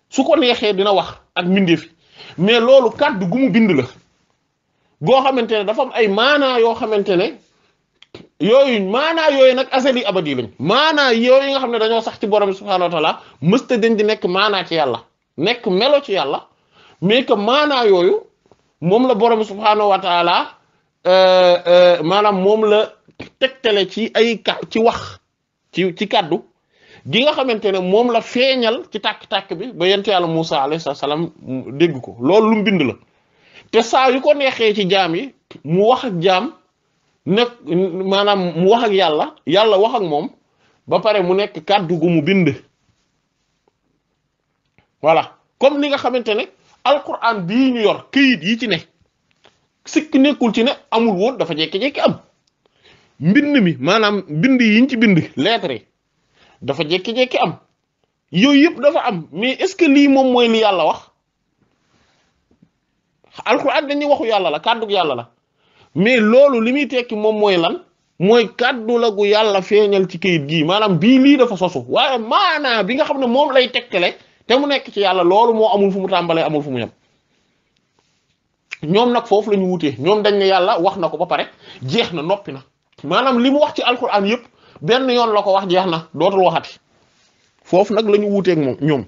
su ko neexee dina wax ak mbindeef mais loolu kàddu gu mu bind la goo xamante ne dafa am ay maanaa yoo xamante ne yooyu maanaa yooyu nag asali abadi lañ maanaa yooyu nga xam ne dañoo sax ci borom bi subhaanahu wa taala mësta den di nekk maanaa ci yàlla nekk melo ci yàlla mais que maanaa yooyu moom la borom bi subhaanahu wa euh, euh, maanaam moom la tegtale ci ay ci wax ci ci kàddu gi nga xamante ne moom la feeñal ci tàkk-tàkk bi ba yent yàlla Musa alayhi salaam dégg ko loolu lu mu bind la te saa yu ko neexee ci jaam yi mu wax ak jaam nekk maanaam mu wax ak yàlla yàlla wax ak moom ba pare mu nekk kàddu gu mu bind voilà comme ni nga xamante ne alquran bii ñu yor kayit yi ci ne sikk nekkul ci ne amul woon dafa jékki-jékki am mbind mi maanaam bind yiñ ci bind lettre dafa jékki-jékki am yooyu yëpp dafa am mais est-ce que lii moom mooy li yàlla wax alxuraan dañuy waxu yàlla la kàddu yàlla la mais loolu li muy tekki moom mooy lan mooy kàddu la gu yàlla feeñal ci kayit gii maanaam bii lii dafa sosu waaye maanaa bi nga xam ne moom lay tegtale te mu nekk ci yàlla loolu moo amul fu mu tàmbalee amul fu mu yem ñoom nag foofu la ñu wutee ñoom dañ ne yàlla wax na ko ba pare jeex na noppi na maanaam li mu wax ci alquran yëpp benn yoon la ko wax jeex na dootul waxati foofu nag la ñu wuuteeg moom ñoom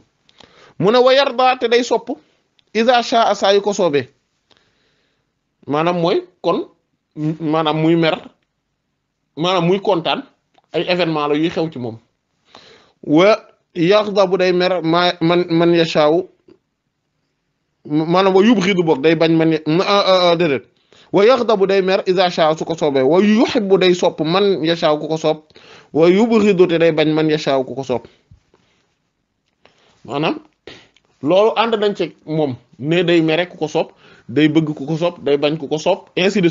mu ne wa yarda day sopp isa shaa saa yu ko soobee maanaam mooy kon maanaam muy mer maanaam muy kontaan ay événement la yuy xew ci moom wa yaxda bu day mer ma man man yashaaw maanaam wa yubxidu boog day bañ man ah, ah, ah, déedéet wa yaxdabu day mer iza su ko soobee wa yuhibbu day sopp man yasha ku ko soob wa yubghidu te day bañ man yasha ku ko soob loolu ànd nañ ci moom ne day mere ku ko soob day bëgg ku ko soob day bañ ku ko soob ainsi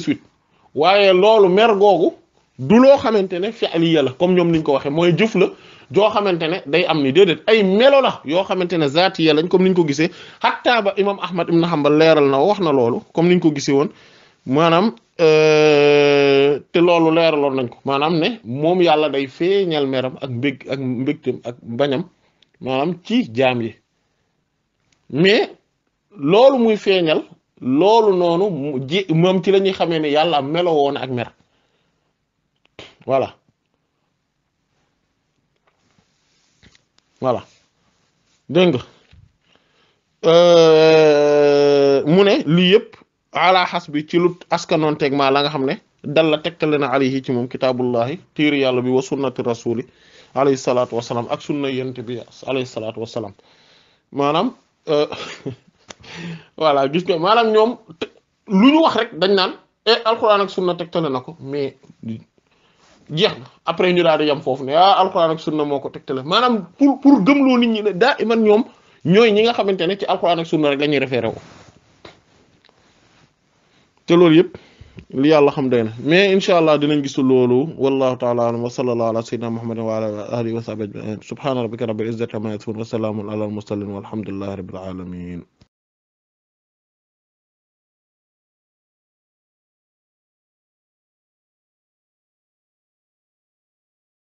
waaye loolu mer googu du loo xamante ne fi'liya la comme ñoom niñ ko waxee mooy jëf la joo xamante ne day am ni déedéet ay melo la yoo xamante ne zaatiya lañ comme niñ ko gisee hatta ba imam Ahmad na xamba leeral na wax na loolu comme niñ ko gisee woon maanaam euh, te loolu leeraloon nañ ko maanaam ne moom yàlla day feeñal meram ak mbég ak mbégtam ak bañam maanaam ci jaam yi mais loolu muy feeñal loolu noonu ji moom ci la ñuy xamee ne yàlla meloo woon ak mer voilà voilà dégg nga euh, mu ne lii yëpp. ala hasbi ci askanon tek ma la nga xamne dal la tek na alayhi ci mom kitabullah tir yalla bi wa sunnati rasuli alayhi salatu wassalam ak sunna yent bi alayhi wassalam manam euh wala gis nga manam ñom luñu wax rek dañ nan e eh, alquran ak sunna tek na ko mais jeex na après ñu daal yam fofu ne ah, alquran ak sunna moko ko tegtale manam pour pour lo nit ñi daiman ñom iman ñi nga xamantene ci alquran ak sunna rek lañuy référé te loolu yëpp li yàlla xam doy na mais incha allah dinañ gis loolu wallahu taala alam wa sallallahu ala sayyidina muhammadin wa ala alihi wa sahbihi subhana rabbika rabbil izzati amma yasifun wa salamun ala al mursalin walhamdulillahi rabbil alamin